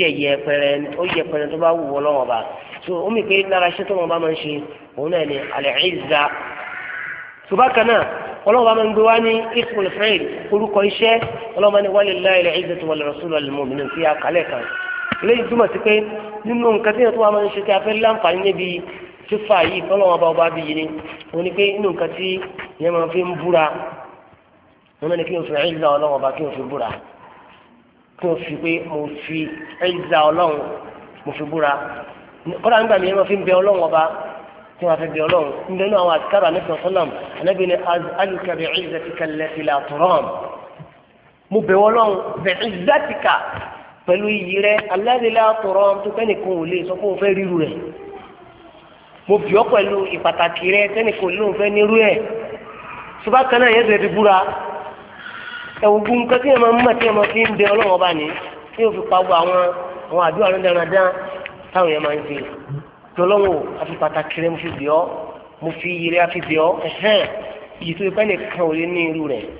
yẹ̀yẹ̀ pẹrẹ ó yẹ pẹrẹ tó bá wù ọ́ lọ́wọ́ bá so ó mi pé lára iṣẹ́ tó wọn bá máa ń ṣe òun náà ni alẹ́ ìzà ṣùgbọ́n náà ọlọ́wọ́ bá máa ń gbé wá ní ismul fẹ́ẹ̀lì orúkọ iṣẹ́ ọlọ́wọ́ bá ní wàlẹ̀ láì nínú nǹkan tí yẹn tó wà máa ń ṣe kí a fẹ́ láǹfààní níbi fífà yìí fọlọ́wọ́n ọba ọba bíi ni òun ni pé nínú nǹkan tí yẹn máa fi ń búra wọn náà ni kí n fi ẹ̀yìn ọlọ́wọ́n ọba kí n fi búra kí n fi pé mo fi ẹ̀yìn ọlọ́wọ́n mo fi búra kọ́dà nígbà mi yẹn máa fi ń bẹ ọlọ́wọ́n ọba tí wọ́n fi bẹ ọlọ́wọ́n ń bẹ àwọn àtikára nípa sọ́lọ́m anábì ni alùkàbẹ̀ ẹ̀yìn pẹ̀lú iyì rẹ alẹ́rìílá tọrọ tó kẹ́nìkan ò lè sọ pé o fẹ́ ríru rẹ̀ mo bì ọ́ pẹ̀lú ìpàtàkì rẹ kẹ́nìkan ò lè fẹ́ nírú ẹ̀ ṣùgbọ́n bákan náà yẹn ti búra ẹ̀wọ̀n gbogbo nǹkan tí yẹn máa ń mọ̀ tí yẹn máa fi ń bẹ ọlọ́wọ́ bá ní tí yóò fi pa gbogbo àwọn àwọn àdúrà ló dára dán táwọn yẹn máa ń ṣe tọ́lọ́wọ́ àfi pàtàkì rẹ mo fi bì ọ́ mo fi iyì rẹ àfi bì ọ́ ẹ̀hẹ́n iyì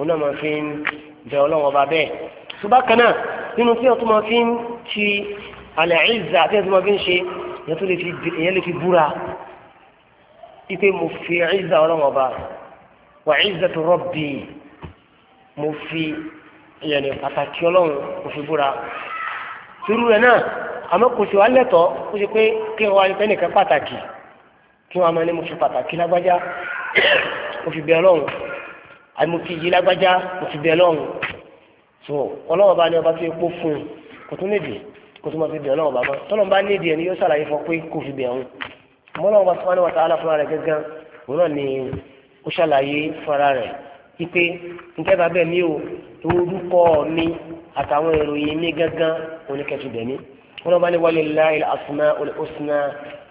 òun náà máa fi ń bẹ ọlọ́run ọba bẹ́ẹ̀. ṣùgbọ́n kan náà nínú tí wọ́n tún máa fi ń ti àlẹ́ ìzà tí wọ́n tún máa fi ń ṣe ìyẹn tó lè fi ìyẹn lè fi búra ipe mo fi ìzà ọlọ́run ọba wà ìzà tó rọ́bì mo fi ìyẹn pàtàkì ọlọ́run mo fi búra. irú rẹ̀ náà àmọ́ kò sí wa lẹ́tọ̀ọ́ kó ṣe pé kí wọ́n wá ní pẹ́ẹ́nìkan pàtàkì kí wọ́n á máa ní mo fi pàtàkì lágbájá mo fi bẹ ọlọ́run àmì òfin yìí lágbájá òfin bẹ́ẹ̀ lọ́rùn so ọlọ́wọ́ bá ní ọba tó yẹ kó fún un kò tún nídìí kò tún máa fi bẹ́ẹ̀ lọ́wọ́ bàbá tọ́lọ́ bá nídìí ẹni yóò ṣàlàyé fún pé kò fi bẹ́ẹ̀ hùn mọ́lọ́wọ́ bá sọ́wọ́n wàtá aláfúnra rẹ̀ gángan òun ni ó ṣàlàyé fúnra rẹ̀ wípé nǹkan bá bẹ́ẹ̀ mi ò orúkọ mi àtàwọn ìròyìn mi gángan oníkẹ́tù bẹ̀ mi ọlọ́wọ́ bá ní walillahil asmaul husna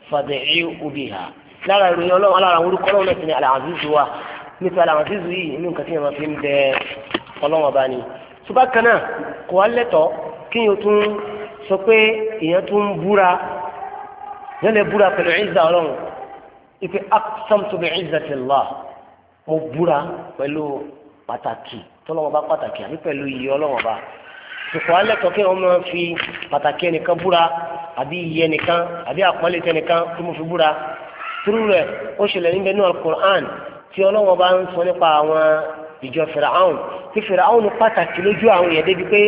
fad'uhu biha lára ìròyìn ọlọ́run alára nípa àwọn àzízu yìí inú nǹkan tí yẹn máa fi ń bẹ ọlọ́wọ́n bá ní. ṣùgbọ́n kan náà kò wá lẹ́tọ̀ọ́ kí yẹn tún sọ pé èèyàn tún búra yẹn lè búra pẹ̀lú ìzà ọlọ́run ipe aqsamtu bi izzati Allah mo búra pẹ̀lú pàtàkì tọ́lọ́wọ́n bá pàtàkì àbí pẹ̀lú iyì ọlọ́wọ́n bá ṣùkọ́ alẹ́ kan kí wọ́n máa fi pàtàkì ẹnìkan búra àbí iyì ẹnìkan àbí àpọ́nlé tẹnìkan tó mo fi búra turu rẹ̀ ó ṣẹlẹ̀ níbẹ̀ ní tí ọlọ́wọ́ bá ń sọ nípa àwọn ìjọ fìràhàn tí fìràhàn pàtàkì lójú àwọn èèyàn débi pé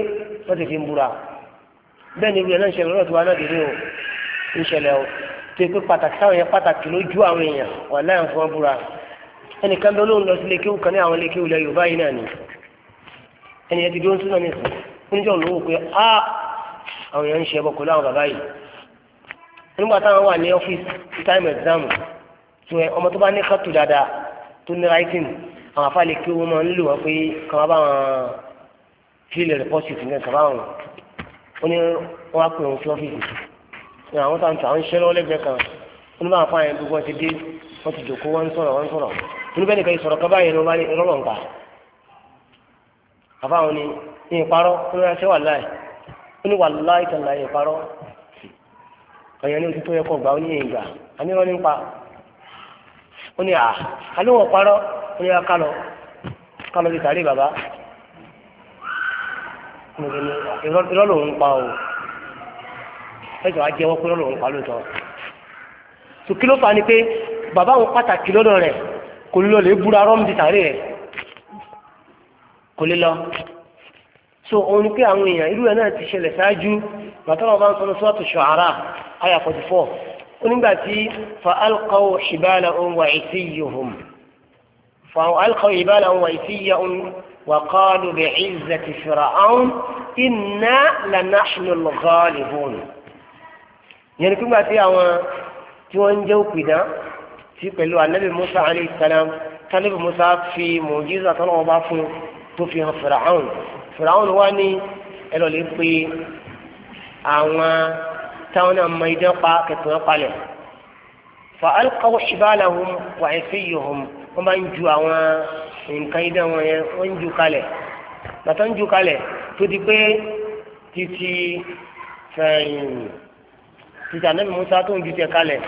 wọ́n ti fi ń búra bẹ́ẹ̀ ni ìwé náà ń ṣẹlẹ̀ lọ́dọ̀ wa náà dé o ń ṣẹlẹ̀ o tó pé pàtàkì táwọn èèyàn pàtàkì lójú àwọn èèyàn wà láyà ń fọ́n búra ẹnìkan bẹ́ẹ̀ lóun lọ sí lékéwù kan ní àwọn lékéwù lẹ Yorùbá yìí náà ni ẹnìyẹ ti dúró ń súná nìsín oníjọ́ ló wò pé a àwọn èèyàn ń ṣe ẹbọ pẹ̀lú àwọn bàbá yìí nígbà táwọn wà ní ọ́fíìsì time exam tó ẹ ọmọ tó bá ní kátó dáadáa tó ní writing àwọn afáàlẹ̀ kí wọ́n máa ń lò wọ́n pé kàn wá bá wọn fílẹ̀ rẹpọ́sì fún kàn bá wọn ó ní wọ́n á pè wọn sí ọ́fíìsì ní àwọn tó ń tà ń ṣẹ́ lọ́wọ́ lẹ́gbẹ̀ẹ́ kan ó ní bá wọn fáyẹn gbogbo wọn ti dé wọ́n ti jòkó wọ́n ń sọ̀rọ̀ wọ́n ń sọ̀rọ̀ inú bẹ́ẹ̀ nìkan ìsọ̀rọ̀ kan báyìí ló bá ní rọ́lọ̀ nǹkan àfáwọn ni ní ìparọ́ ó ní ránṣẹ́ wà láì ó ní wà láì ó ní à àlóhùn parọ́ ó ní wá kálọ kálọ bí sàárè bàbá irọ́ lòun pa o ẹjọ́ ajẹ́ wọ́n pé irọ́ lòun pa lóòótọ́ tó kí ló fà ni pé bàbá òun pàtàkì lọ́dọ̀ rẹ̀ kò lọ lè búra rọ́ọ̀mù bí sàárè rẹ̀ kò lè lọ so òun pé àwọn èèyàn irú ẹ̀ náà ti ṣẹlẹ̀ ṣáájú bàtà wọn bá ń sọ ní sọ́ọ̀tù ṣọ̀hárà àyà forty four onígbà tí fa alqaw ìbára òun wà ìsíyìhùn fa alqaw ìbára òun wà ìsíyìhùn wà kọ́ọ̀lù bẹ̀ ìzẹ̀ ti fìrà áwọn iná lànàṣìlò lọ́gọ́ọ̀lì hùn. yẹn nígbà tí àwọn tí wọ́n ń jẹ́ òpìdá tí pẹ̀lú anabi musa alayhi salam talibu musa fi mùjíza tó lọ́wọ́ bá fún tó fi hàn fìrà áwọn fìrà áwọn wá ní ẹlọ́lẹ́ pé àwọn táwọn náà mọ idán pa kẹtù wọn palẹ̀ fa alqaw hibalahum wa isiyuhum wọn bá ń ju àwọn nǹkan idán wọn yẹn wọn ń ju kalẹ̀ bàtà ń ju kalẹ̀ tó di pé títí fẹ̀yìn títí ànábì Musa tó ń ju tẹ kalẹ̀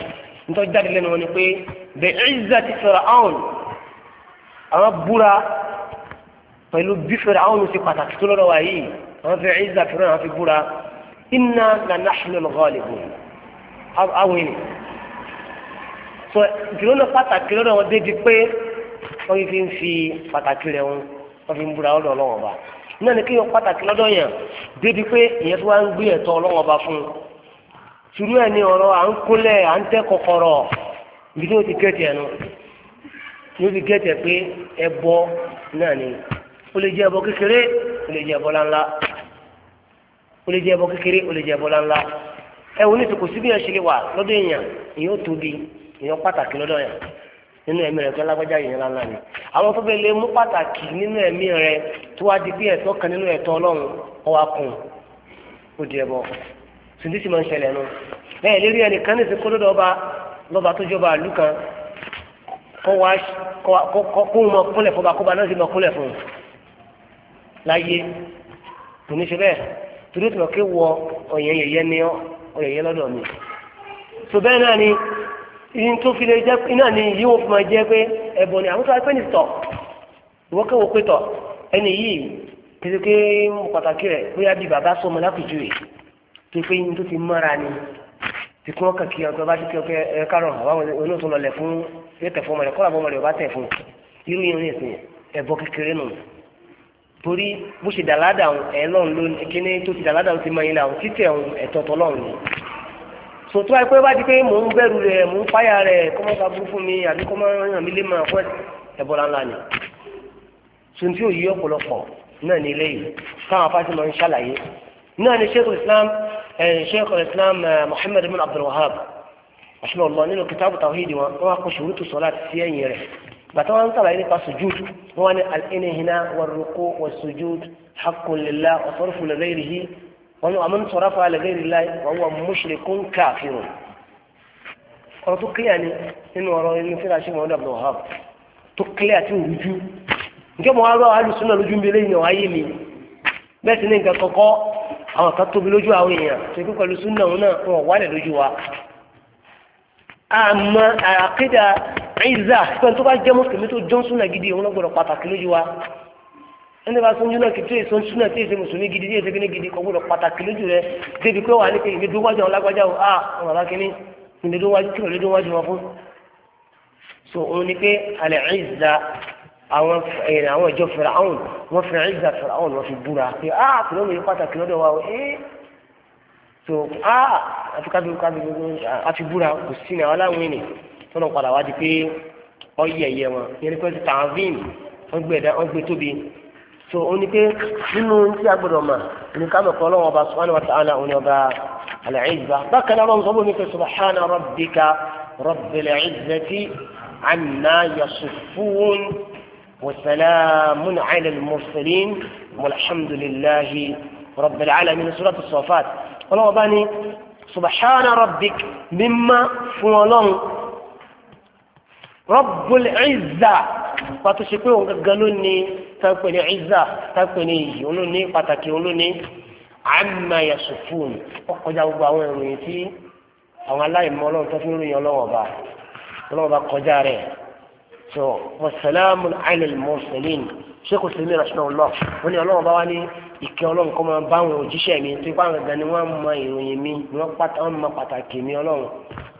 nítorí jáde lẹ́nu wọn ni pé bẹ́ẹ̀ ẹ̀zá ti Fir'aun àwọn búra pẹ̀lú bí Fir'aun ti pàtàkì tó lọ́dọ̀ wáyé àwọn fẹ́ẹ́ ẹ̀zá Fir'aun àwọn fi búra inna la nahnu al-ghalibun àwọn ènìyàn sọ kìlọ́ náà pàtàkì lọ́dọ̀ wọn débi pé wọ́n fi ń fi pàtàkì rẹ̀ wọn wọ́n fi ń búra ọ̀dọ̀ ọlọ́wọ́n ba náà ni kí wọ́n pàtàkì lọ́dọ̀ yẹn débi pé ìyẹn tó wá ń gbé ẹ̀tọ́ ọlọ́wọ́n ba fún un tùrú ẹ̀ à ń kúnlẹ̀ à ń tẹ́ kọ̀kọ̀rọ̀ ibi tí ó ti gẹ̀tì ẹ̀ nu ní ti gẹ̀tì pé ẹbọ náà ni ó lè jẹ́ ẹbọ kékeré ó lè jẹ́ ẹbọ láńlá ó lè jẹ́ ẹbọ kékeré ó lè jẹ́ ẹbọ ńláńlá ẹ wo nítorí kò síbi yẹn ṣe lè wà lọ́dọ̀ èèyàn èèyàn tóbi èèyàn pàtàkì lọ́dọ̀ yẹn nínú ẹ̀mí rẹ̀ pé lágbájá èèyàn ńláńlá ni àwọn tó fẹ́ lè mú pàtàkì nínú ẹ̀mí rẹ̀ tó wá di pé ẹ̀tọ́ kan nínú ẹ̀tọ́ ọlọ́run ọwọ́ akùn ó di ẹbọ sùdí sì máa ń ṣẹlẹ̀ nu bẹ́ẹ̀ lérí ẹnìkan ní ìsìnkú lọ́dọ̀ ọba lọ́ba tó jọba àlù kan kọ́ wá kó mọ kúnlẹ̀ kó ba náà torí tí wọ́n ké wọ ọ̀yẹ́ yẹ̀yẹ́ ní ọ̀yẹ́ yẹ́ lọ́dọ̀ mi. tó bẹ́ẹ̀ náà ni ìyín tó fi lè jẹ́ iná ni yìí wọ́n fi máa jẹ́ pé ẹ̀bùn ni àwọn tó wáá pẹ́ ní tọ̀ ìwọ́n kéwọ́ pé tọ̀ ẹni yìí kékeré pàtàkì rẹ̀ bóyá bíi bàbá sọmọ lápìjú rẹ̀ tó pé yín tó ti mọ́ra ni tí kí kí ọgbẹ́ bá ti kí ọgbẹ́ ẹ kárọ̀ àwọn olóòtú lọlẹ̀ fún yóò tẹ̀ fún ọmọ rẹ̀ kọ́ torí bó ṣe dà ládàá ẹ̀ lọ́n ló ní kíní tó ti dà ládàá ti máa yín náà títẹ̀ ẹ̀tọ́ tọ́lọ́run ni sòtú àìpẹ́ bá di pé mò ń bẹ̀rù rẹ̀ mò ń páyà rẹ̀ kọ́ mọ́ ká bú fún mi àbí kọ́ mọ́ ràn mí lé máa kọ́ ẹ̀bọ̀ra ńlá ni tuntun yóò yí ọ̀pọ̀lọpọ̀ náà ní ilé yìí káwọn afáàsì máa ń ṣàlàyé náà ni sheikh islam sheikh islam muhammed bin abdul bàtà wọn sábà yìí nípa sujud wọn ni al-inhina wal-ruku' was-sujud haqqun lillah wa sarfu li ghayrihi wọn ni àmọ́ sarafa li ghayrillahi wa huwa mushrikun kafirun. ọ̀rọ̀ tó kílíà ni nínú ọ̀rọ̀ inú fíra ṣe mọ́ọ́dọ̀ Abdul Wahab tó kílíà tí ò rújú njẹ́ mo wá rọ alùsùn náà lójú ń belé ìyàn ayé mi bẹ́ẹ̀ sì ní nǹkan kọ́kọ́ àwọn kan tóbi lójú àwọn èèyàn ẹ̀yìnzá pẹ̀lú tó bá jẹ́ mùsùlùmí tó jọ́ súnà gidi òun náà gbọ́dọ̀ pàtàkì lójú wa ẹni bá sọ yúnà kìtú èso súnà tí èso mùsùlùmí gidi tí èso kíní gidi kò gbọ́dọ̀ pàtàkì lójú rẹ débi pé wà ní pé dúnwájú àwọn lágbájá o ah wọn bàbá kíní ìdè dúnwájú kí lóde dúnwájú wọn fún. so òun ni pé alẹ́ ẹ̀yìnzá àwọn ẹ̀yìn àwọn ìjọ Fìràwọn wọn fi ẹ̀yìnzá Fìràwọn wọn fi búra pé ah kìlọ́ wa o eh, so ah àfikàbí àfikàbí àfikàbí búra kò sí ní tọ́nà padà wá di pé ọ̀yẹ̀yẹ̀ wọn yẹn pé tanvin wọ́n gbé ẹ̀dá wọ́n gbé tóbi so ó ní pé nínú tí a gbọ́dọ̀ mà ní ká mọ̀ kọ́ ọba subhanahu wa ta'ala òní ọba al bákan náà lọ́nà sọ́bọ̀ mi fẹ́ rabbika rabbil izzati amma yasifun وسلام على المرسلين والحمد لله رب العالمين سورة الصفات الله باني سبحان ربك مما فولون Rabbul Izza pàtó ṣe pé òun gangan ló ní táǹpẹ̀ ní Izza táǹpẹ̀ ní iyì òun ló ní pàtàkì òun ló ní àmà yasufun ọkọjá gbogbo àwọn ìròyìn tí àwọn aláìmọ̀ Ọlọ́run tó fi ń ròyìn Ọlọ́run ọba Ọlọ́run ọba kọjá rẹ̀ so wasalaamu alal mursalin sheikh usaimi rahimahullah wọn ni Ọlọ́run ọba wa ní ìkẹ́ Ọlọ́run kọ máa bá àwọn òjíṣẹ́ mi tó ipá gangan ni wọn mọ ìròyìn mi ni wọn mọ pàtàkì mi Ọlọ́run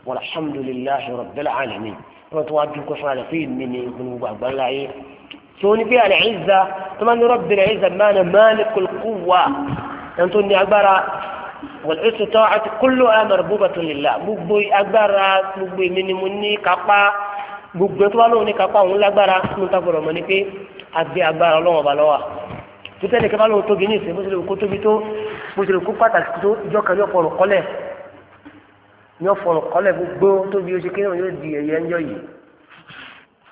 walhamdulillahi rabbil alamin wọ́n tún wá dúkọ́ fún àlẹ́ fún ìmí ni gbogbo àgbáńlá yé tó ní pé àlẹ́ ìzà tó máa ń rabbil ìzà máa ń malikul quwwa ẹni tó ní agbára wal istita'ati kullu marbubatun lillah gbogbo agbára gbogbo èmi ni mo ní kápá gbogbo tó bá lóun ní kápá òun lágbára mo ta gbọdọ̀ mọ́ ni pé àbí agbára ọlọ́wọ́n ọba lọ́wọ́ tó tẹ́lẹ̀ kí bá lóun tóbi ní ìsìn ní ọ̀fọ̀ ọ̀kọ́lẹ̀ gbogbo tó bí o ṣe kéwọ́n yóò di ẹ̀yẹ ń yọ yìí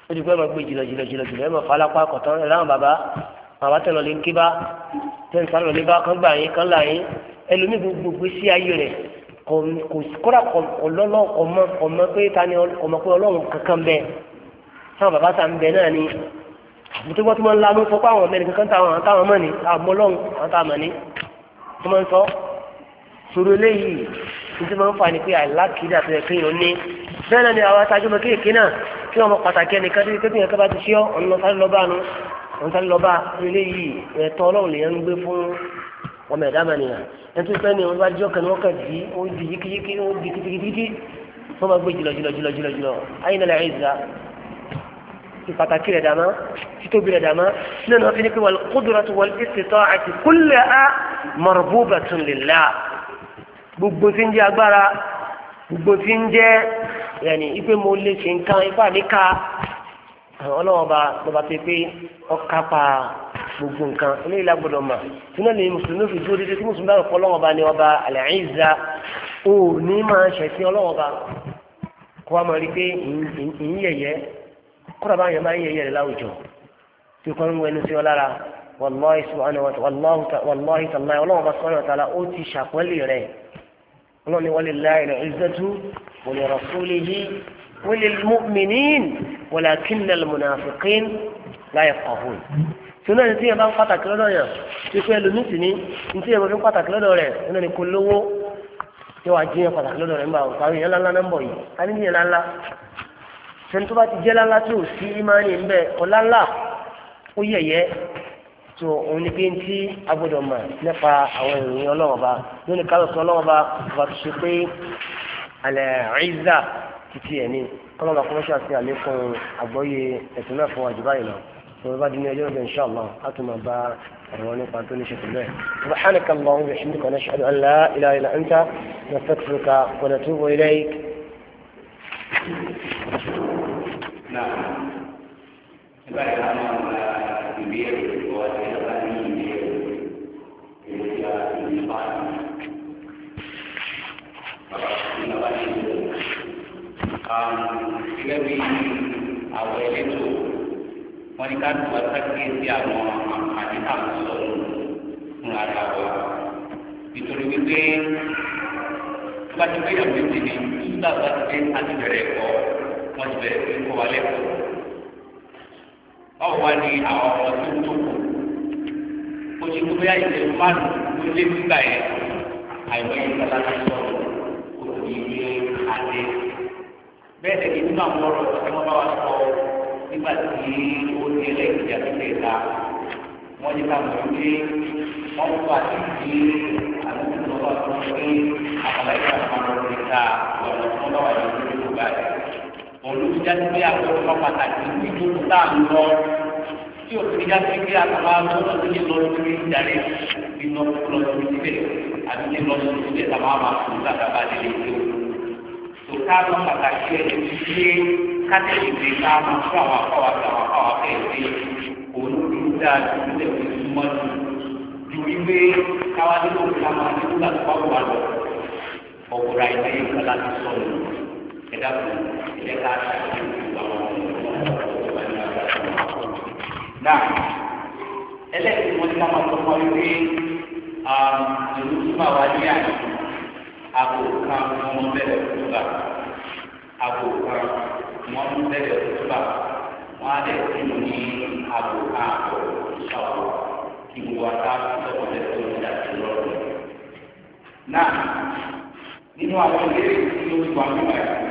ó ti gbọ́dọ̀ gbé jìnnà jìnnà jìnnà jìnnà ẹ̀ máa fa alápá kọ̀tọ́ ẹ̀ láwọn bàbá bàbá tẹ̀ lọ́lé ń ké bá tẹ̀ ń sáré lọ́lé bá kán gbà yín kán là yín ẹlòmíì gbogbo gbé sí ayé rẹ̀ kò kódà ọlọ́lọ́ ọmọ ọmọ pé ta ni ọmọ pé ọlọ́run kankan bẹ táwọn bàbá ta ń bẹ náà ni àbúté wọ́n tún máa ń lanú sọ àwọn ọmọ ẹni kankan táwọn táwọn mọ̀ ni àmọ́ ọlọ́run àwọn táwọn ni wọ́n máa ń sọ sọ̀rọ̀ eléyìí nítorí máa ń fa ni pé àìlákìlẹ̀ àti ẹ̀kẹ́ yìí ó ní bẹ́ẹ̀ náà ni àwọn atajọ́mọ kéèké náà kí wọ́n mọ pàtàkì ẹnìkan tó kékeré kí wọ́n bá ti ṣe ọ́ ọ̀n lọ sáré lọ́ba nu ọ̀n sáré lọ́ba eléyìí ẹ̀tọ́ ọlọ́run lè ń gbé fún ọmọ ẹ̀dá mẹ́nìyà ẹni tó fẹ́ ni wọ́n bá jọ́ kẹ́ni wọ́n kàn dí ó di yíkíyíkí ó di kíkíkíkí wọ́n bá gbé jùlọ jùlọ jùlọ jùlọ jùlọ ayélujára ẹ̀zá ìpàtàkì rẹ̀ dàmá títóbi rẹ̀ dàmá nínú wọn fi ní pé wal qudratu wal istita'ati kullaha marbubatun lillah gbogbo tí ń jẹ agbára gbogbo tí ń jẹ yẹni ipe mo lè ṣe nǹkan ipá mi ká ọlọ́wọ́n ba bàbá tó pé ọkà pa gbogbo nǹkan eléyìí la gbọdọ̀ mà sínú ni mùsùlùmí fi dúró dédé tí mùsùlùmí bá rò pọ̀ ọlọ́wọ́n ba ni ọba àlẹ́yìnza ò ní máa ṣẹ̀sìn ọlọ́wọ́n ba kó wa máa rí pé ìyín yẹ̀yẹ́ kóra bá yẹn máa ń yẹ̀yẹ́ rẹ̀ láwùjọ tí o kọ́ ń wẹnu sí ọ lára wàlláhi subhanahu wàlláhi ta'ala ọlọ́wọ́n ba sọ́nà ta'ala ó ti ṣàpọ́nlé rẹ̀ ọlọ́ni walillahi al-izzatu wa li rasulihi wa lil mu'minin walakinna al-munafiqin la yafqahun sọ́nà ní tí yẹn bá ń pàtàkì lọ́dọ̀ yẹn tí pé ẹlòmíì sì ní ní tí yẹn bá ń pàtàkì lọ́dọ̀ rẹ̀ ẹ̀nà ní kò lówó tí wàá jí yẹn pàtàkì lọ́dọ̀ rẹ̀ ń bá kàwé yẹn lánlá náà ń yìí a ní yẹn lánlá so òun ni pé tí a gbọ́dọ̀ mọ̀ nípa àwọn ìròyìn ọlọ́wọ́ba lónìí ká ló sọ ọlọ́wọ́ba bá tó ṣe pé alẹ́ ẹ̀ẹ́dà títí ẹ̀ ní kọ́lọ́ba kọ́mọ́ṣà sí àlékún àgbọ́yé ẹ̀sìn náà fún àjùbá yìí lọ sọ̀rọ̀ bá di ní ọjọ́ ìgbẹ́ insha Allah á máa bá ọ̀rọ̀ nípa tó ní ṣe pẹ̀lú ẹ̀. subhanaka Allahumma wa bihamdika nashhadu an la ilaha illa anta nastaghfiruka wa natubu ilayk. Nah, ini lẹ́bi àwọn elétò wọn ni ká tó wá sáké sí àwọn àǹfààní àkóso fún ara wa nítorí wípé tó bá ti gbé ìyàwó ti ní nígbà bá ti gbé àti bẹ̀rẹ̀ ẹ̀kọ́ wọ́n ti bẹ̀rẹ̀ pé kó wa lẹ́kọ̀ọ́ báwo wá ní àwọn ọmọ tó ń tó kù ó ti kú bóyá ìṣe márùn ló lé nígbà yẹn àìmọye ìgbàlá tó sọ̀rọ̀ kò ní ilé adé bẹ́ẹ̀ lè nínú àwọn ọ̀rọ̀ tí wọ́n bá wà sọ nígbà tí ó ní ẹlẹ́gbẹ̀ẹ́ àtúntò ìta wọ́n ní ká mọ̀ pé wọ́n ń fa títí àtúntò tó wà fún pé àkàlà ìta máa lọ sí ìta lọ́nà tó bá wà ní ìlú ìlú báyìí. olùsíjáde pé àkọ́kọ́ bá pàtàkì ní ìlú tá à ń lọ tí o ti jáde pé àkàlà tó lọ sí ìlú lórí ìdarí lọ sí ìbẹ̀ àti ìlú lọ sí ìbẹ̀ sáàmù pàtàkì ẹni tí ṣe kátẹ́lì gbé sáàmù fún àwọn akọ́wà àti àwọn akọ́wà kẹ́ẹ̀ẹ́ olórí dáadé lè fi súnmọ́ ju ju wípé káwá nínú ìlànà àti nígbà tó bá wà lọ ọ̀gbọ̀ra ilé ìgbà láti sọ̀rọ̀ ẹ̀dá kan ilé ká ṣàkóso àwọn ọ̀gbọ̀n náà ẹlẹ́yìn wọn ti ká máa tọ́ wípé ìlú tí màá wá ní àná àpò kan ọmọ bẹ́ẹ̀ lọ́wọ́ àbò kan wọ́n ń tẹ̀lé òtúbà wọ́n á lè sínú ní àbò kan àbò ìṣàwọ̀ kí gbogbo ata lọ́wọ́ lè tó ní àti lọ́rùn. Náà nínú àwọn ìlérí tí ó ti wà nígbà yìí,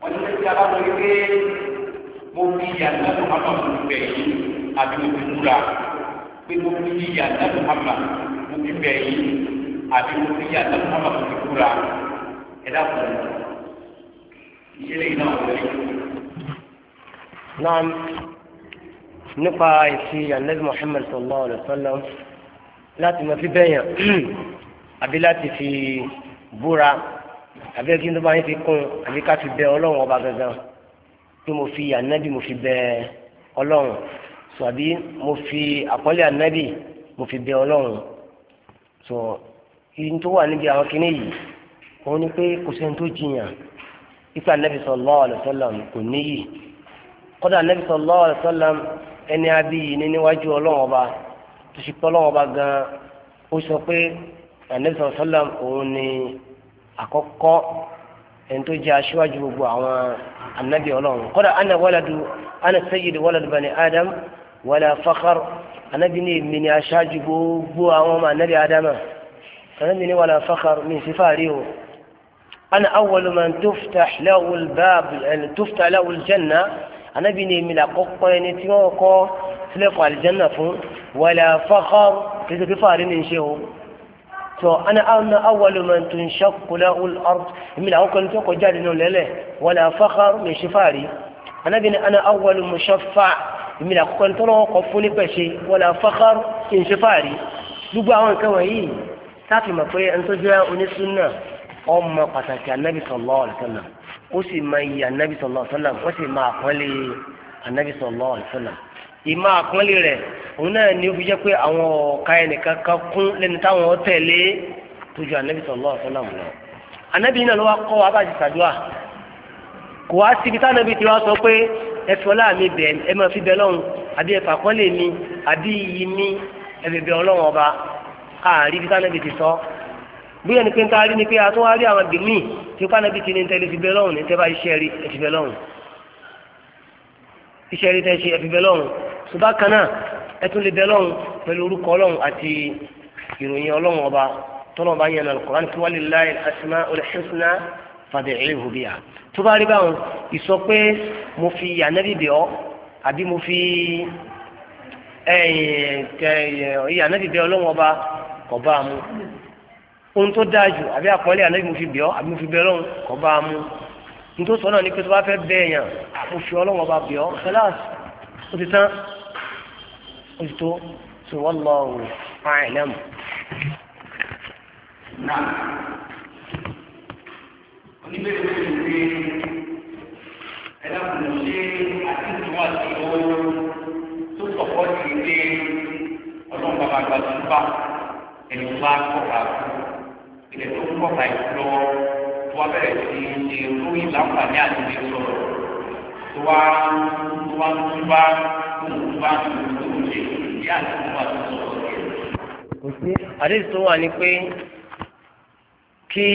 wọ́n ti tẹ́tí aláwọ̀ ilé mo fi yàtọ̀ Muhammadu bẹ̀ yìí àti mo fi múra pé mo fi yàtọ̀ Muhammadu mo fi yìí àti mo fi yàtọ̀ Muhammadu fi múra ẹ̀dá kan naam nípa ìfi anabi muhammed sallallahu alayhi wa sallam láti mọ fi bẹ́yàn àbí láti fi búra àbí kí n tó bá yín fi kún àbí ká fi bẹ ọlọ́run ọba gangan tí mo fi anabi mo fi bẹ ọlọ́run so àbí mo fi àkọlé anabi mo fi bẹ ọlọ́run so ìyìn tó wà níbi àwọn kinní yìí òun ni pé kò sẹ́ni tó jiyàn ipa anabi sallallahu alaihi wasallam kò níyì kódà anabi sallallahu alaihi wasallam ẹni abiyì ní níwájú ọlọ́wọ́n ọba tó ṣe pé ọlọ́wọ́n ọba gan ó sọ pé anabi sallallahu alaihi wasallam òun ni àkọ́kọ́ ẹni tó jẹ́ aṣíwájú gbogbo àwọn anabi ọlọ́wọ́n kódà ana waladu ana sayyidu waladu bani adam wala fakhar anabi ni èmi ni aṣáájú gbogbo àwọn ọmọ anabi adama anabi ni wala fakhar mi sì fàárí o. أنا أول من تفتح له الباب يعني تفتح له الجنة أنا بني من أقوين تيوكو تلقوا الجنة فون ولا فخر كذا كفار من شيء تو أنا أنا أول من تنشق له الأرض من أقوين تيوكو جالنا لله ولا فخر من شفاري أنا بني أنا أول مشفع من أقوين تيوكو فولي بشي ولا فخر من شفاري لبعض كوهي تافي ما فيه أنتجوا أنسنا ọmọ pàtàkì anabi sallallahu alaihi ó sì máa yí anabi sallallahu alaihi ó sì máa pọ́nlé anabi sallallahu alaihi wasallam ìmọ̀ àpọ́nlé òun náà ni o fi jẹ́ pé àwọn ọ̀ka ẹnìkan kan kún lẹ́nu táwọn tẹ̀lé tójú anabi sallallahu alaihi wasallam lọ. anabi náà ló wá kọ́ wa kò wá síbi ti wá sọ pé ẹ fi ọlá mi ẹ máa fi bẹ lọ́hùn àbí ẹ fàkọ́lé mi àbí iyì mi ẹ ọba àárí bí ti sọ. bóyá ni pé ń taari ni pé àtún wá rí àwọn àgbèmí tí ó kánà bí ti ní tẹ́lẹ̀ fi bẹ́ lọ́hùn ní tẹ́lẹ̀ bá iṣẹ́ rí ẹ̀fì bẹ́ lọ́hùn iṣẹ́ rí tẹ́lẹ̀ ṣe ẹ̀fì bẹ́ lọ́hùn ṣùgbọ́n kan ẹ tún lè bẹ́ lọ́hùn pẹ̀lú orúkọ ọlọ́hùn àti ìròyìn ọlọ́hùn ọba tọ́lọ́ yẹn nàlùkọ́ Qur'an kí wọ́n lè láyé asima olùṣẹ́sìnà fàdéhìhù tó bá rí báwọn ìsọ ohun tó dáa jù àbí àpọ́nlé ànábì mo fi bẹ̀ ọ́ àbí mo fi bẹ̀ ọlọ́run kọ́ bá a mú ohun tó sọ náà ni pé tó bá fẹ́ bẹ́ èèyàn mo fi ọlọ́run ọba bẹ̀ ọ́ kẹláàsì ó ti tán ó ti tó tó wọ́n lọ òun àìlẹ́mù. náà oníbẹ̀rẹ̀ bẹ̀rẹ̀ pé ẹ̀dá kò ṣe àti ìtumọ̀ àti owó tó sọ̀kọ́ sí ilé ọlọ́run gbàdúrà ẹ̀dùn bá kọ̀ọ̀kan ilẹ̀ tó ń kọ́ ka ìlú lọ́wọ́ tó wá bẹ̀rẹ̀ sí ṣe lóyìn láǹfààní àti ilé sọ̀rọ̀ tó wá tó wá tó bá tó ń bá tó ń ṣe ìdí àti tó bá tó sọ̀rọ̀. àdéhùn tó wà ní pé kí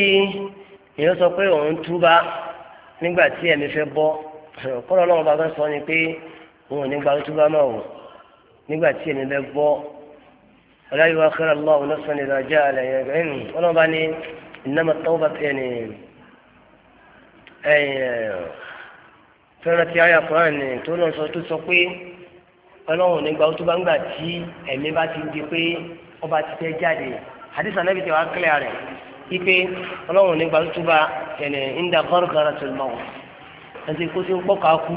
èèyàn sọ pé òun túbá nígbà tí ẹ̀mí fẹ́ bọ́ kọ́lọ́ ọlọ́run bá fẹ́ sọ ni pé òun ò ní gba túbá náà wò nígbà tí ẹ̀mí fẹ́ bọ́. ولا يؤخر الله نفسا إذا جاء لأجل ولو بني إنما التوبة يعني أي fẹ́rẹ́ ti àyà Kùránì ni tó lọ sọ tó sọ pé ọlọ́run nígbà tó bá ń gbà tí ẹ̀mí bá ti di pé ọba ti fẹ́ jáde àdìsá náà fi ti wá kílẹ̀ rẹ̀ ipe ọlọ́run nígbà tó bá ẹ̀nẹ̀ ńdà gọ́rọ̀gọ́rọ̀ tó lọ ẹ̀sìn kó tó ń pọ̀ káàkú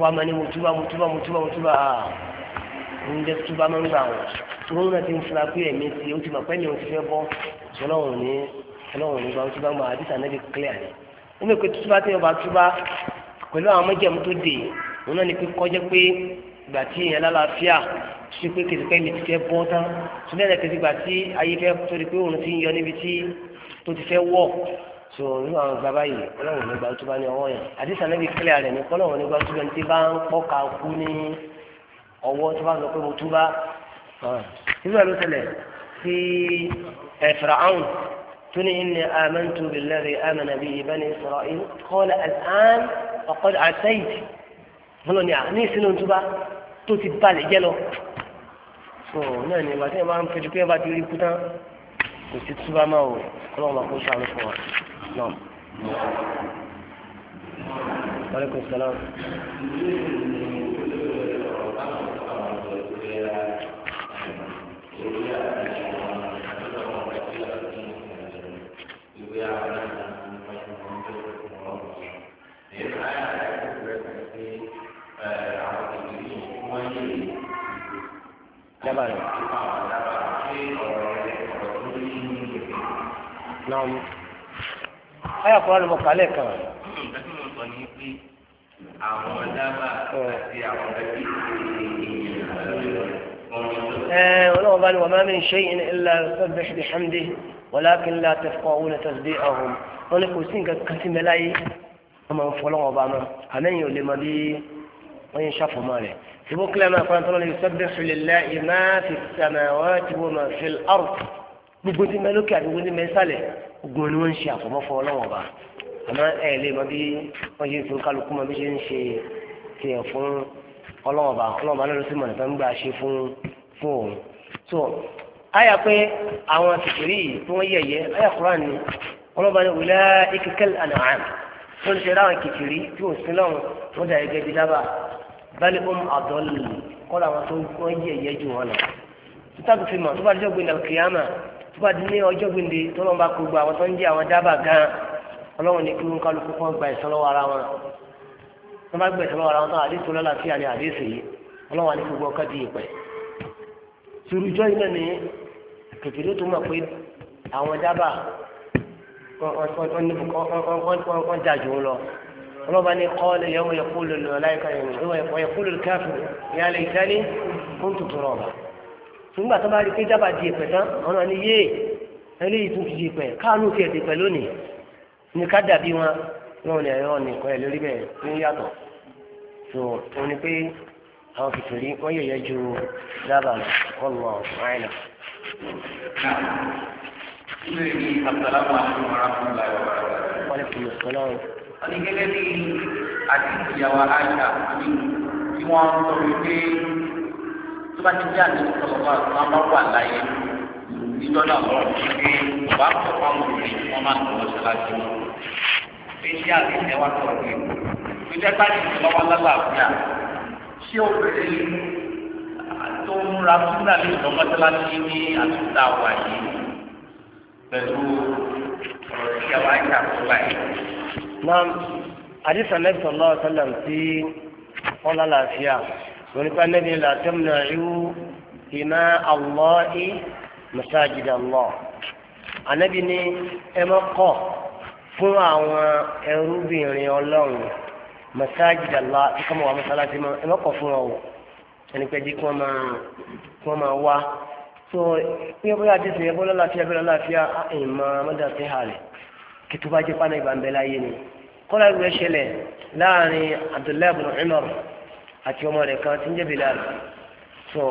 wà á máa ní mo túbà mo túbà mo túbà mo túbà ń dẹ́ túbà máa ń gbà wọ̀ tòun náà ti ń fura pé ẹ̀mí ti o ti mọ̀ pé ní o ti fẹ́ bọ́ ọlọ́run ní ọlọ́run nígbà tó bá mọ àdìsá náà ti clear ni ó mẹ́ pé túbá tí wọ́n bá túbá pẹ̀lú àwọn mọ́jẹ̀mú tó dé òun náà ni pé kọjá pé ìgbà tí èèyàn lálàáfíà ṣe pé kìtìpẹ́ mi ti fẹ́ bọ́ tán ṣùgbọ́n ẹ̀rẹ́ kìtìpẹ́ ìgbà tí ayé fẹ́ tó di pé òun ti ń yọ níbi tí tó ti fẹ́ wọ̀ so nínú àwọn ìgbà báyìí ọlọ́run nígbà tó bá ní ọwọ́ yẹn àdìsá náà ti clear ni ọlọ́run nígbà nígbà ló tẹ̀lẹ̀ sí Fir'aun tó ní inni amantu billadhi amana bihi bani Isra'il qala al'an faqad asayt fúnlọ ní àní ìsinú tó bá tó ti balẹ̀ jẹ́ lọ. so náà ni ìgbàsẹ́ máa ń fojú pé bá ti rí kú tán kò sí túbá máa wò ọlọ́run máa kó sàánú fún wa náà. Wa alaikum نعم هيا آية قرآن مقالي كما نعم. آه، ولو وما من شيء إلا يسبح بحمده walakin la tafqahuna tasdiqahum wọ́n ní kò sí nǹkan kan sí mi láyé wọ́n máa ń fọ́ lọ́wọ́ ọba mọ́ àmẹ́yìn ò lè mọ bí wọ́n yẹn ṣàfọ̀mọ́ rẹ̀ ìbò kílẹ̀ máa fọ́n tó lọ́lẹ́ yusabbihu lillahi ma fi samawati wa ma fil ard gbogbo tí mẹ́ lókè àti gbogbo tí mẹ́ sálẹ̀ ogun ni wọ́n ń ṣe àfọ̀mọ́ fọ́ lọ́wọ́ ọba àmọ́ ẹ̀ lè mọ bí wọ́n ṣe ń fi kálukú mọ bí ṣe ń ṣe tiẹ̀ fún ọlọ́wọ́ ọba ọlọ́wọ́ ọba lọ́dún sí mọ̀ àyà pé àwọn kìkìrì tí wọ́n yẹ̀yẹ́ àyà Kùránì ni wọ́n bá ní wùlẹ́ ìkíkẹ́lì ànàmì tó ń ṣe láwọn kìkìrì tí ò sí lọ́wọ́ wọ́n dà gẹ́gẹ́ bí dábàá bẹ́ẹ̀ ni àdọ́lù kọ́lá àwọn tó wọ́n yẹ̀yẹ́ jù wọn lọ. títàbí fi mọ̀ tó bá dọ́gbìn náà kìyàmà tó bá ní ọjọ́ gbìndé tó lọ́n bá kó gba àwọn tó ń jẹ́ àwọn dábàá gan ọlọ́run ní kí wọ́n kálukú kọ́ kìkì ló tó mọ̀ pé àwọn dábàá wọ́n dájú ń lọ ọlọ́ba ní qala yawma yaqulu al-malaika wa yaqulu al-kafir ya laytani kuntu turaba nígbà tó bá rí pé dábàá di ìpẹ́ tán àwọn náà ní yé eléyìí tún ti di ìpẹ́ káàánú tiẹ̀ ti pẹ́ lónìí ní ká dàbí wọn lọ́wọ́ ni ẹ̀rọ nìkan ẹ̀ lórí bẹ́ẹ̀ ní yàtọ̀ so òun ni pé àwọn kìtìrí wọ́n yẹ̀yẹ́ ju dábàá lọ kọ́ lọ́wọ́ àìlọ́ wọ́n ní gẹ́gẹ́ bí àti ìyàwó àyà ní tí wọ́n ń sọ wípé tó bá ti jẹ́ àti ìsọ̀rọ̀ bá wọn wà láyé níjọ́ náà wọ́n ti gbé wà á pọ̀ fáwọn obìnrin wọ́n máa ń tọ́ mọ́ṣáláṣí wọn. bí ṣé àti ìṣẹ́wà sọ̀rọ̀ múra súnà ní ìdọ́mọ́tàláṣí ní àtúntà wà yìí pẹ̀lú ọ̀rọ̀ tí a wá ń ṣàkóbá yìí. Máa àdìsá nẹ́bí sọ̀lá ọ̀sálà sí ọ̀là làáfíà lónípa nẹ́bí là tẹ́mùnà ìwú ìmọ̀ àlọ́ ì mùsàjìdà lọ. Ànẹ́bí ni ẹ mọ́ kọ̀ fún àwọn ẹrúbìnrin ọlọ́run mùsàjìdà lọ kíkọ́ mọ̀ wá mọ́sálásí mọ́ ẹ mọ́ kọ̀ fún ọ ẹni pé jí kí wọ́n máa kí wọ́n máa wá so pé bóyá àdìsí yẹn bọ́lá láfíà bọ́lá láfíà ìmọ̀ amọ́dàfẹ́ hà rẹ̀ kí tó bá jẹ́ pàánà ìgbà ń bẹ láyé ni kọ́lá ìlú ẹ̀ ṣẹlẹ̀ láàrin Abdullahi Umar àti ọmọ rẹ̀ kan tí ń jẹ́ Bilal so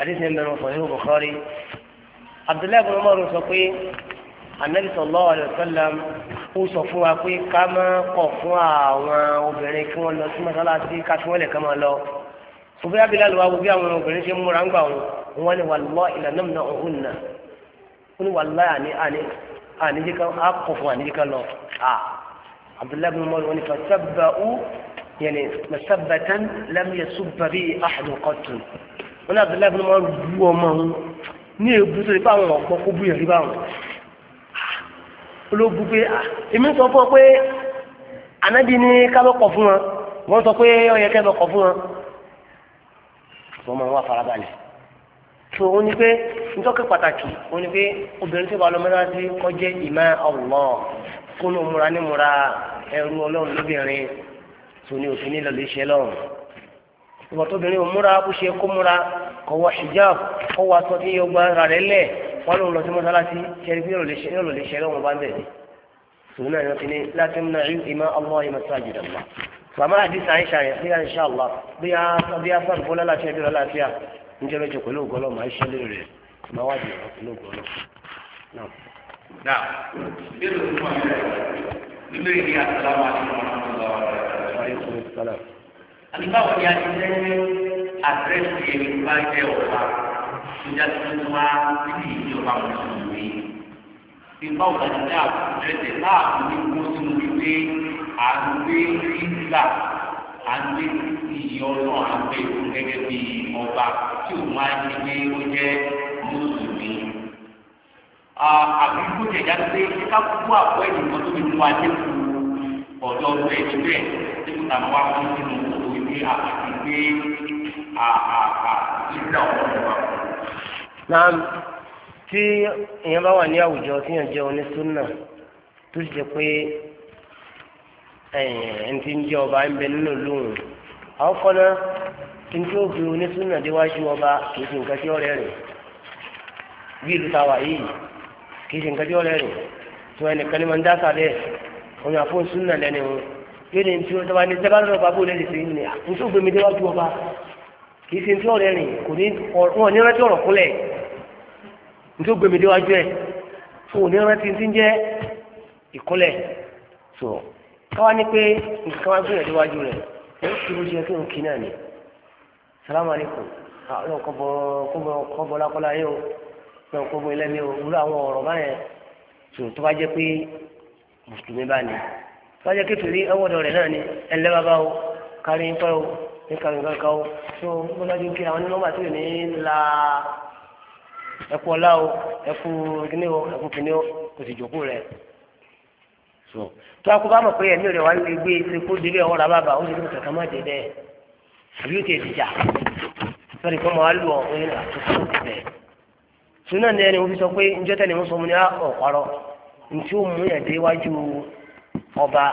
àdìsí yẹn bẹ̀rẹ̀ Sahih Bukhari Abdullahi bin Umar sọ pé anabi sallallahu alayhi wa sallam ó sọ fún wa pé ká má kọ̀ fún àwọn obìnrin kí wọ́n lọ sí mọ́sálásí ká fi wọ́n lẹ̀ ká máa lọ òbí abilal wa wọ́n bí àwọn obìnrin ṣe ń múra ń gbà wọn wọn ni wàlúwà ìlànà náà ọ̀hún náà wọn ni wàlúwà àní àní àníjíká àpò fún àníjíká lọ à abdullahi bin mọ́lù wọn ni fasabba u yẹni masabbatan lam yasubba bi ahadun qattu wọn ni abdullahi bin mọ́lù bu ọmọ wọn ní èbú tó ní báwọn ọ̀pọ̀ kó bú yẹrí báwọn olóògùn pé èmi sọ fún ọ pé anábì ní kábọ̀kọ̀ tó máa wà farabalẹ̀ tó o ní pé ntọ́kẹ́ pàtàkì o ní pé obìnrin tó bá lọ mẹ́ta sí kọjá ìmọ̀ Allah kó ló múra ní múra ẹrú ọlọ́run lóbìnrin tó ní òfin nílò lè ṣe lọ́rùn ìwọ tóbìnrin ò múra bó ṣe kó múra kó wọ hijab kó wọ aṣọ tí yóò gba ara rẹ̀ lẹ̀ wọn lòun lọ sí mọ́sálásí ṣẹ́ni pé yóò lè ṣe lọ́rùn bá ń bẹ̀ náà ni wọ́n ti ní látìmúnà ìmọ̀ Allah ìmọ̀ sáà jù màmá àdìsá ń ṣàyẹn bí i ṣá ọlá bí i afọ àdìbò lálàáfíà bí i lálàáfíà ń jẹ́ méjì pẹ̀lú ògbọ́n náà máa ń ṣẹlẹ̀ rẹ̀ máa wá dìrọ̀ pẹ̀lú ògbọ́n náà. Nà bẹ́ẹ̀ ló fún wa nílé ìdí àtàlámà àti ọ̀rọ̀ àlùbáwò ni a ti lé àdírẹ́sì Yorùbá jẹ́ ọ̀pá ìjà tuntun wa sí ìjọba mùsùlùmí. Ìbáwò ni a ti lé gbà àti iyì ọlọ́ àti gẹ́gẹ́ bí ọba tí o máa ń gbé ó jẹ́ mùsùlùmí. àbí kó jẹ̀dá pé ká kú àpò ẹ̀yìn kan tó fi mú adékù ọ̀dọ́ ọdún ẹ̀yìn bẹ́ẹ̀ tí kò tàbí wá fún sínú òkú ilé àti gbé ìlà ọ̀dọ́ wa. náà tí ìyẹn bá wà ní àwùjọ tí yẹn jẹ́ onísùnnà tó sì jẹ́ pé Eh, ẹ̀ǹtí ń jẹ́ ọba ń bẹ nínú lóhùn àwọn kọ́nà ntí ó fi onísùnà déwájú ọba kì í ṣe nǹkan tí ó rẹ̀ rìn bí ìlú ta wà yìí kì í ṣe nǹkan tí ó rẹ̀ rìn tí wọn ẹnìkan ní máa ń dá sálẹ̀ òun àfọ̀n sùnà lẹ́nu wọn yóò ní tí ó dábàá ní dábàá lọ́dọ̀ bàbá òun ẹ̀sìn ní ntí ó gbé mi déwájú ọba kì í ṣe ntí ó rẹ̀ rìn kò ní wọn ní rántí ọ̀rọ̀ kúnlẹ̀ ntí ó gbé mi déwájú ẹ̀ fún òun ní rántí ti ń jẹ́ ìkúnlẹ̀ so káwá ní pé nǹkan wá gbìyànjú wájú rẹ̀ ó kí bó ṣe kí n kí náà ni salamu alaykum àwọn kọ́bọ̀ lákọ́lá yóò náà kọ́bọ̀ ẹlẹ́mi ò wúlò àwọn ọ̀rọ̀ báyẹn tó tó bá jẹ́ pé mùsùlùmí bá ní tó bá jẹ́ pé fèrè ọwọ́dọ̀ rẹ̀ náà ni ẹlẹ́wà bá o kárí ń pẹ́ o ní kárí ń kankan o tó bó lọ́jọ́ kí àwọn nínú bàtí ò la ẹkú ọlá o ẹkú kíní o ẹkú kíní o kò sì jòkó rẹ̀. so tó akó bá mọ̀ pé ẹ̀mí rẹ̀ wáyé gbé kó bàbà ó má dé àbí ó ti sọ́ni kó máa lù ọ́ ti bẹ̀. ẹni wọ́n fi sọ pé njẹ́ tẹ́lẹ̀ mú sọmọ ní ah, ọ̀parọ́ ntí ó mú yàn déwájú ọba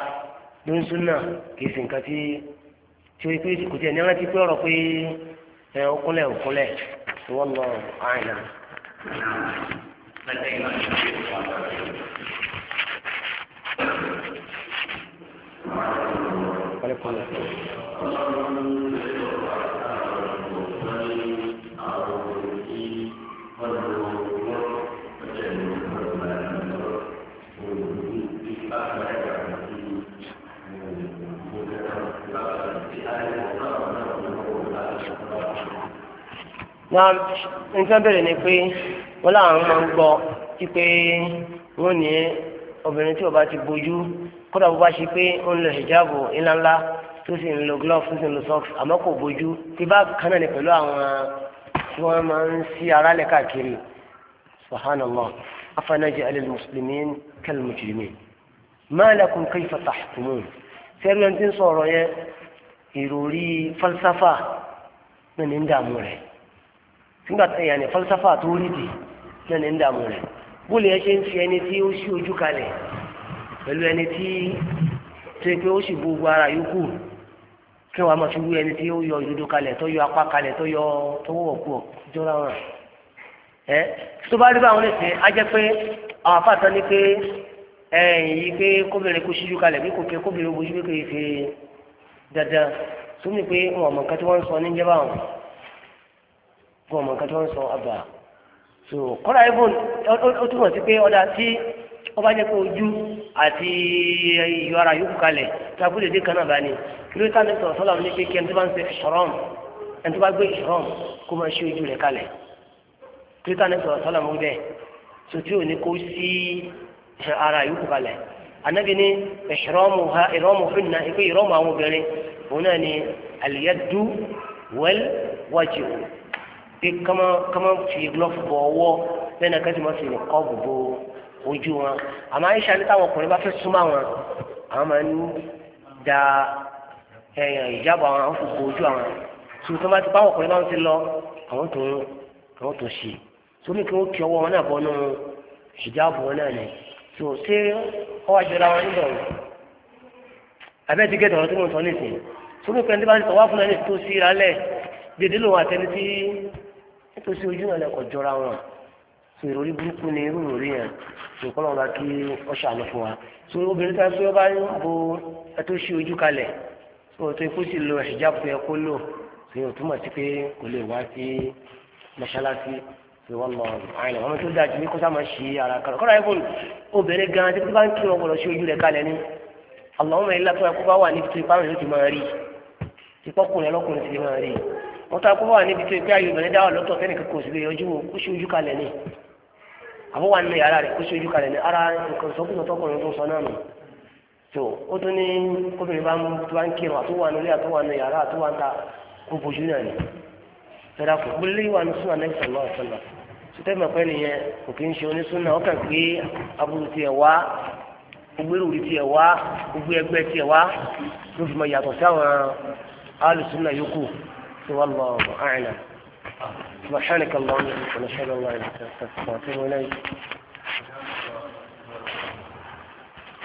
ló ń sùnà kìí sì nǹkan tí tí ó tiẹ̀ pé ọ̀rọ̀ pé ẹ̀ ọkúnlẹ̀ ọkúnlẹ̀ wọ́n lọ náà nǹkan bẹ̀rẹ̀ ni pé wọ́n láwọn máa ń gbọ́ pípé wọ́n ní obìnrin tí ó ti bójú kódà bó bá ṣe pé ó ń lo hijab ńláńlá tó sì ń lo glove tó sì ń lo socks àmọ́ kò bójú tí bá kan náà ni pẹ̀lú àwọn tí wọ́n máa ń sí ara lẹ̀ káàkiri subhanallah afanaji alil muslimin kal mujrimin ma lakum kayfa tahkumun sẹ́rí tí ń sọ̀rọ̀ yẹn ìròrí falsafa náà ní ń dààmú rẹ̀ nígbà tí yàní falsafa tó rí di náà ní ń dààmú rẹ̀ bó lè ṣe ń fi ẹni tí ó ṣí ojú kalẹ̀ pẹ̀lú ẹni tí tó yẹ pé ó sì bu gbogbo ara yòókù kí wàá máa fi wú ẹni tí ó yọ ìdodo kalẹ̀ tó yọ apá kalẹ̀ tó yọ tọwọ́ ọ̀pọ̀ jọra wọn ẹ tó bá rí báwọn lè sè á jẹ́ pé àwọn afáàtàn ni pé ẹ̀yìn yìí pé kóbìnrin kó ṣíjú kalẹ̀ bí kò kẹ́ kóbìnrin bójú pé kò yẹ fi dandan sómi pé wọn mọ̀ nǹkan tí wọ́n ń sọ níjẹ́ báwọn wọn mọ̀ nǹkan tí wọ́n sọ àbà so kọ́ra ibùn ó túmọ̀ sí pé ọ̀dà tí ọba jẹ́ pé ojú àti ìyọ ara yóò kalẹ̀ tàbí lè dé kan náà bá ní kí ló tánà sọ̀rọ̀ sọ́lá ní pé kí ẹni tó bá ń ṣe ṣọ̀rọ̀m ẹni tó bá gbé ṣọ̀rọ̀m kó máa ṣe ojú rẹ̀ kalẹ̀ kí ló tánà sọ̀rọ̀ sọ́lá mú bẹ́ẹ̀ tó tí ò ní kó sí ara yóò kalẹ̀ anabi ní ìṣọ̀rọ̀mù ha ìrọ̀mù fúnna ìpè ìrọ̀mù àwọn obìnrin òun náà ni àlìyádú wẹ́l wájú pé kama kama fi glove bọ̀ ọwọ́ bẹ́ẹ̀ náà kẹ́sì máa fi kọ́ bùbọ̀ ojú wọn àmọ́ àyíṣà ní táwọn ọkùnrin bá fẹ́ súnmọ́ àwọn àwọn máa ń da ìjábọ̀ àwọn àwọn fòkò ojú àwọn tòun tó bá ti báwọn ọkùnrin bá ń ti lọ àwọn tó àwọn tó ṣe tó ní kí wọ́n kí ọwọ́ wọn náà bọ́nú ìjábọ̀ wọn náà ni tó ṣé ọwọ́ àjọra wọn níbẹ̀ wọn abẹ́ ti gẹ́tọ̀ ọ̀rọ̀ tó mọ̀ sọ nísìn tó ní pẹ́ńtí bá ti sọ̀wá fún ẹni tó sí ìrálẹ̀ dèdè lòun wọn tó so kọ́ lọ́wọ́ bá kí ọ ṣàánú fún wa so obìnrin tá a fi ọba ń bo ẹtọ́ ṣe ojú kalẹ̀ so tó ikú sì lo hijab tó yẹ kó lò so yóò túmọ̀ sí pé kò lè wá sí mọ́ṣáláṣí so wọ́n lọ àìlẹ̀ wọ́n tó dájú ní kó sá máa ṣe ara kalẹ̀ kọ́ra ẹ̀fọ́n obìnrin gan tí bá ń kí wọn gbọ́dọ̀ ṣe ojú rẹ̀ kalẹ̀ ni àlọ́wọ́n ilé tó yẹ kó bá wà níbi tó ipá rẹ̀ ló ti máa rí tipọ́kùnrin ọlọ́kùnrin ti lè máa rí wọ́n tó yẹ kó bá wà níbi tó àbọ̀ wà nínú yàrá rẹ̀ kó ṣojú kalẹ̀ ní ara nǹkan sọ́kùnrin tọkùnrin tó sọ náà nù tó ó tún ní kóbìnrin bá ń tó bá ń kírun àtúwà nílé àtúwà nínú yàrá àtúwà ń ta kó bojú náà ni fẹ́rẹ́ kò gbélé wà ní súnà náà sọ̀lọ́ ọ̀sọ̀lọ́ sọtẹ́ mọ̀ pé nìyẹn kò kí ń ṣe onísúnà ó kàn pé aburú tiẹ̀ wá gbogbo èrò tiẹ̀ wá gbogbo ẹgbẹ́ tiẹ̀ wá ló fi mọ yàtọ̀ sáwọn alùsùnà yòókù tí wọ́n lọ àìlàn. سبحانك اللهم وبحمدك نشهد ان لا اله الا انت نستغفرك ونتوب اليك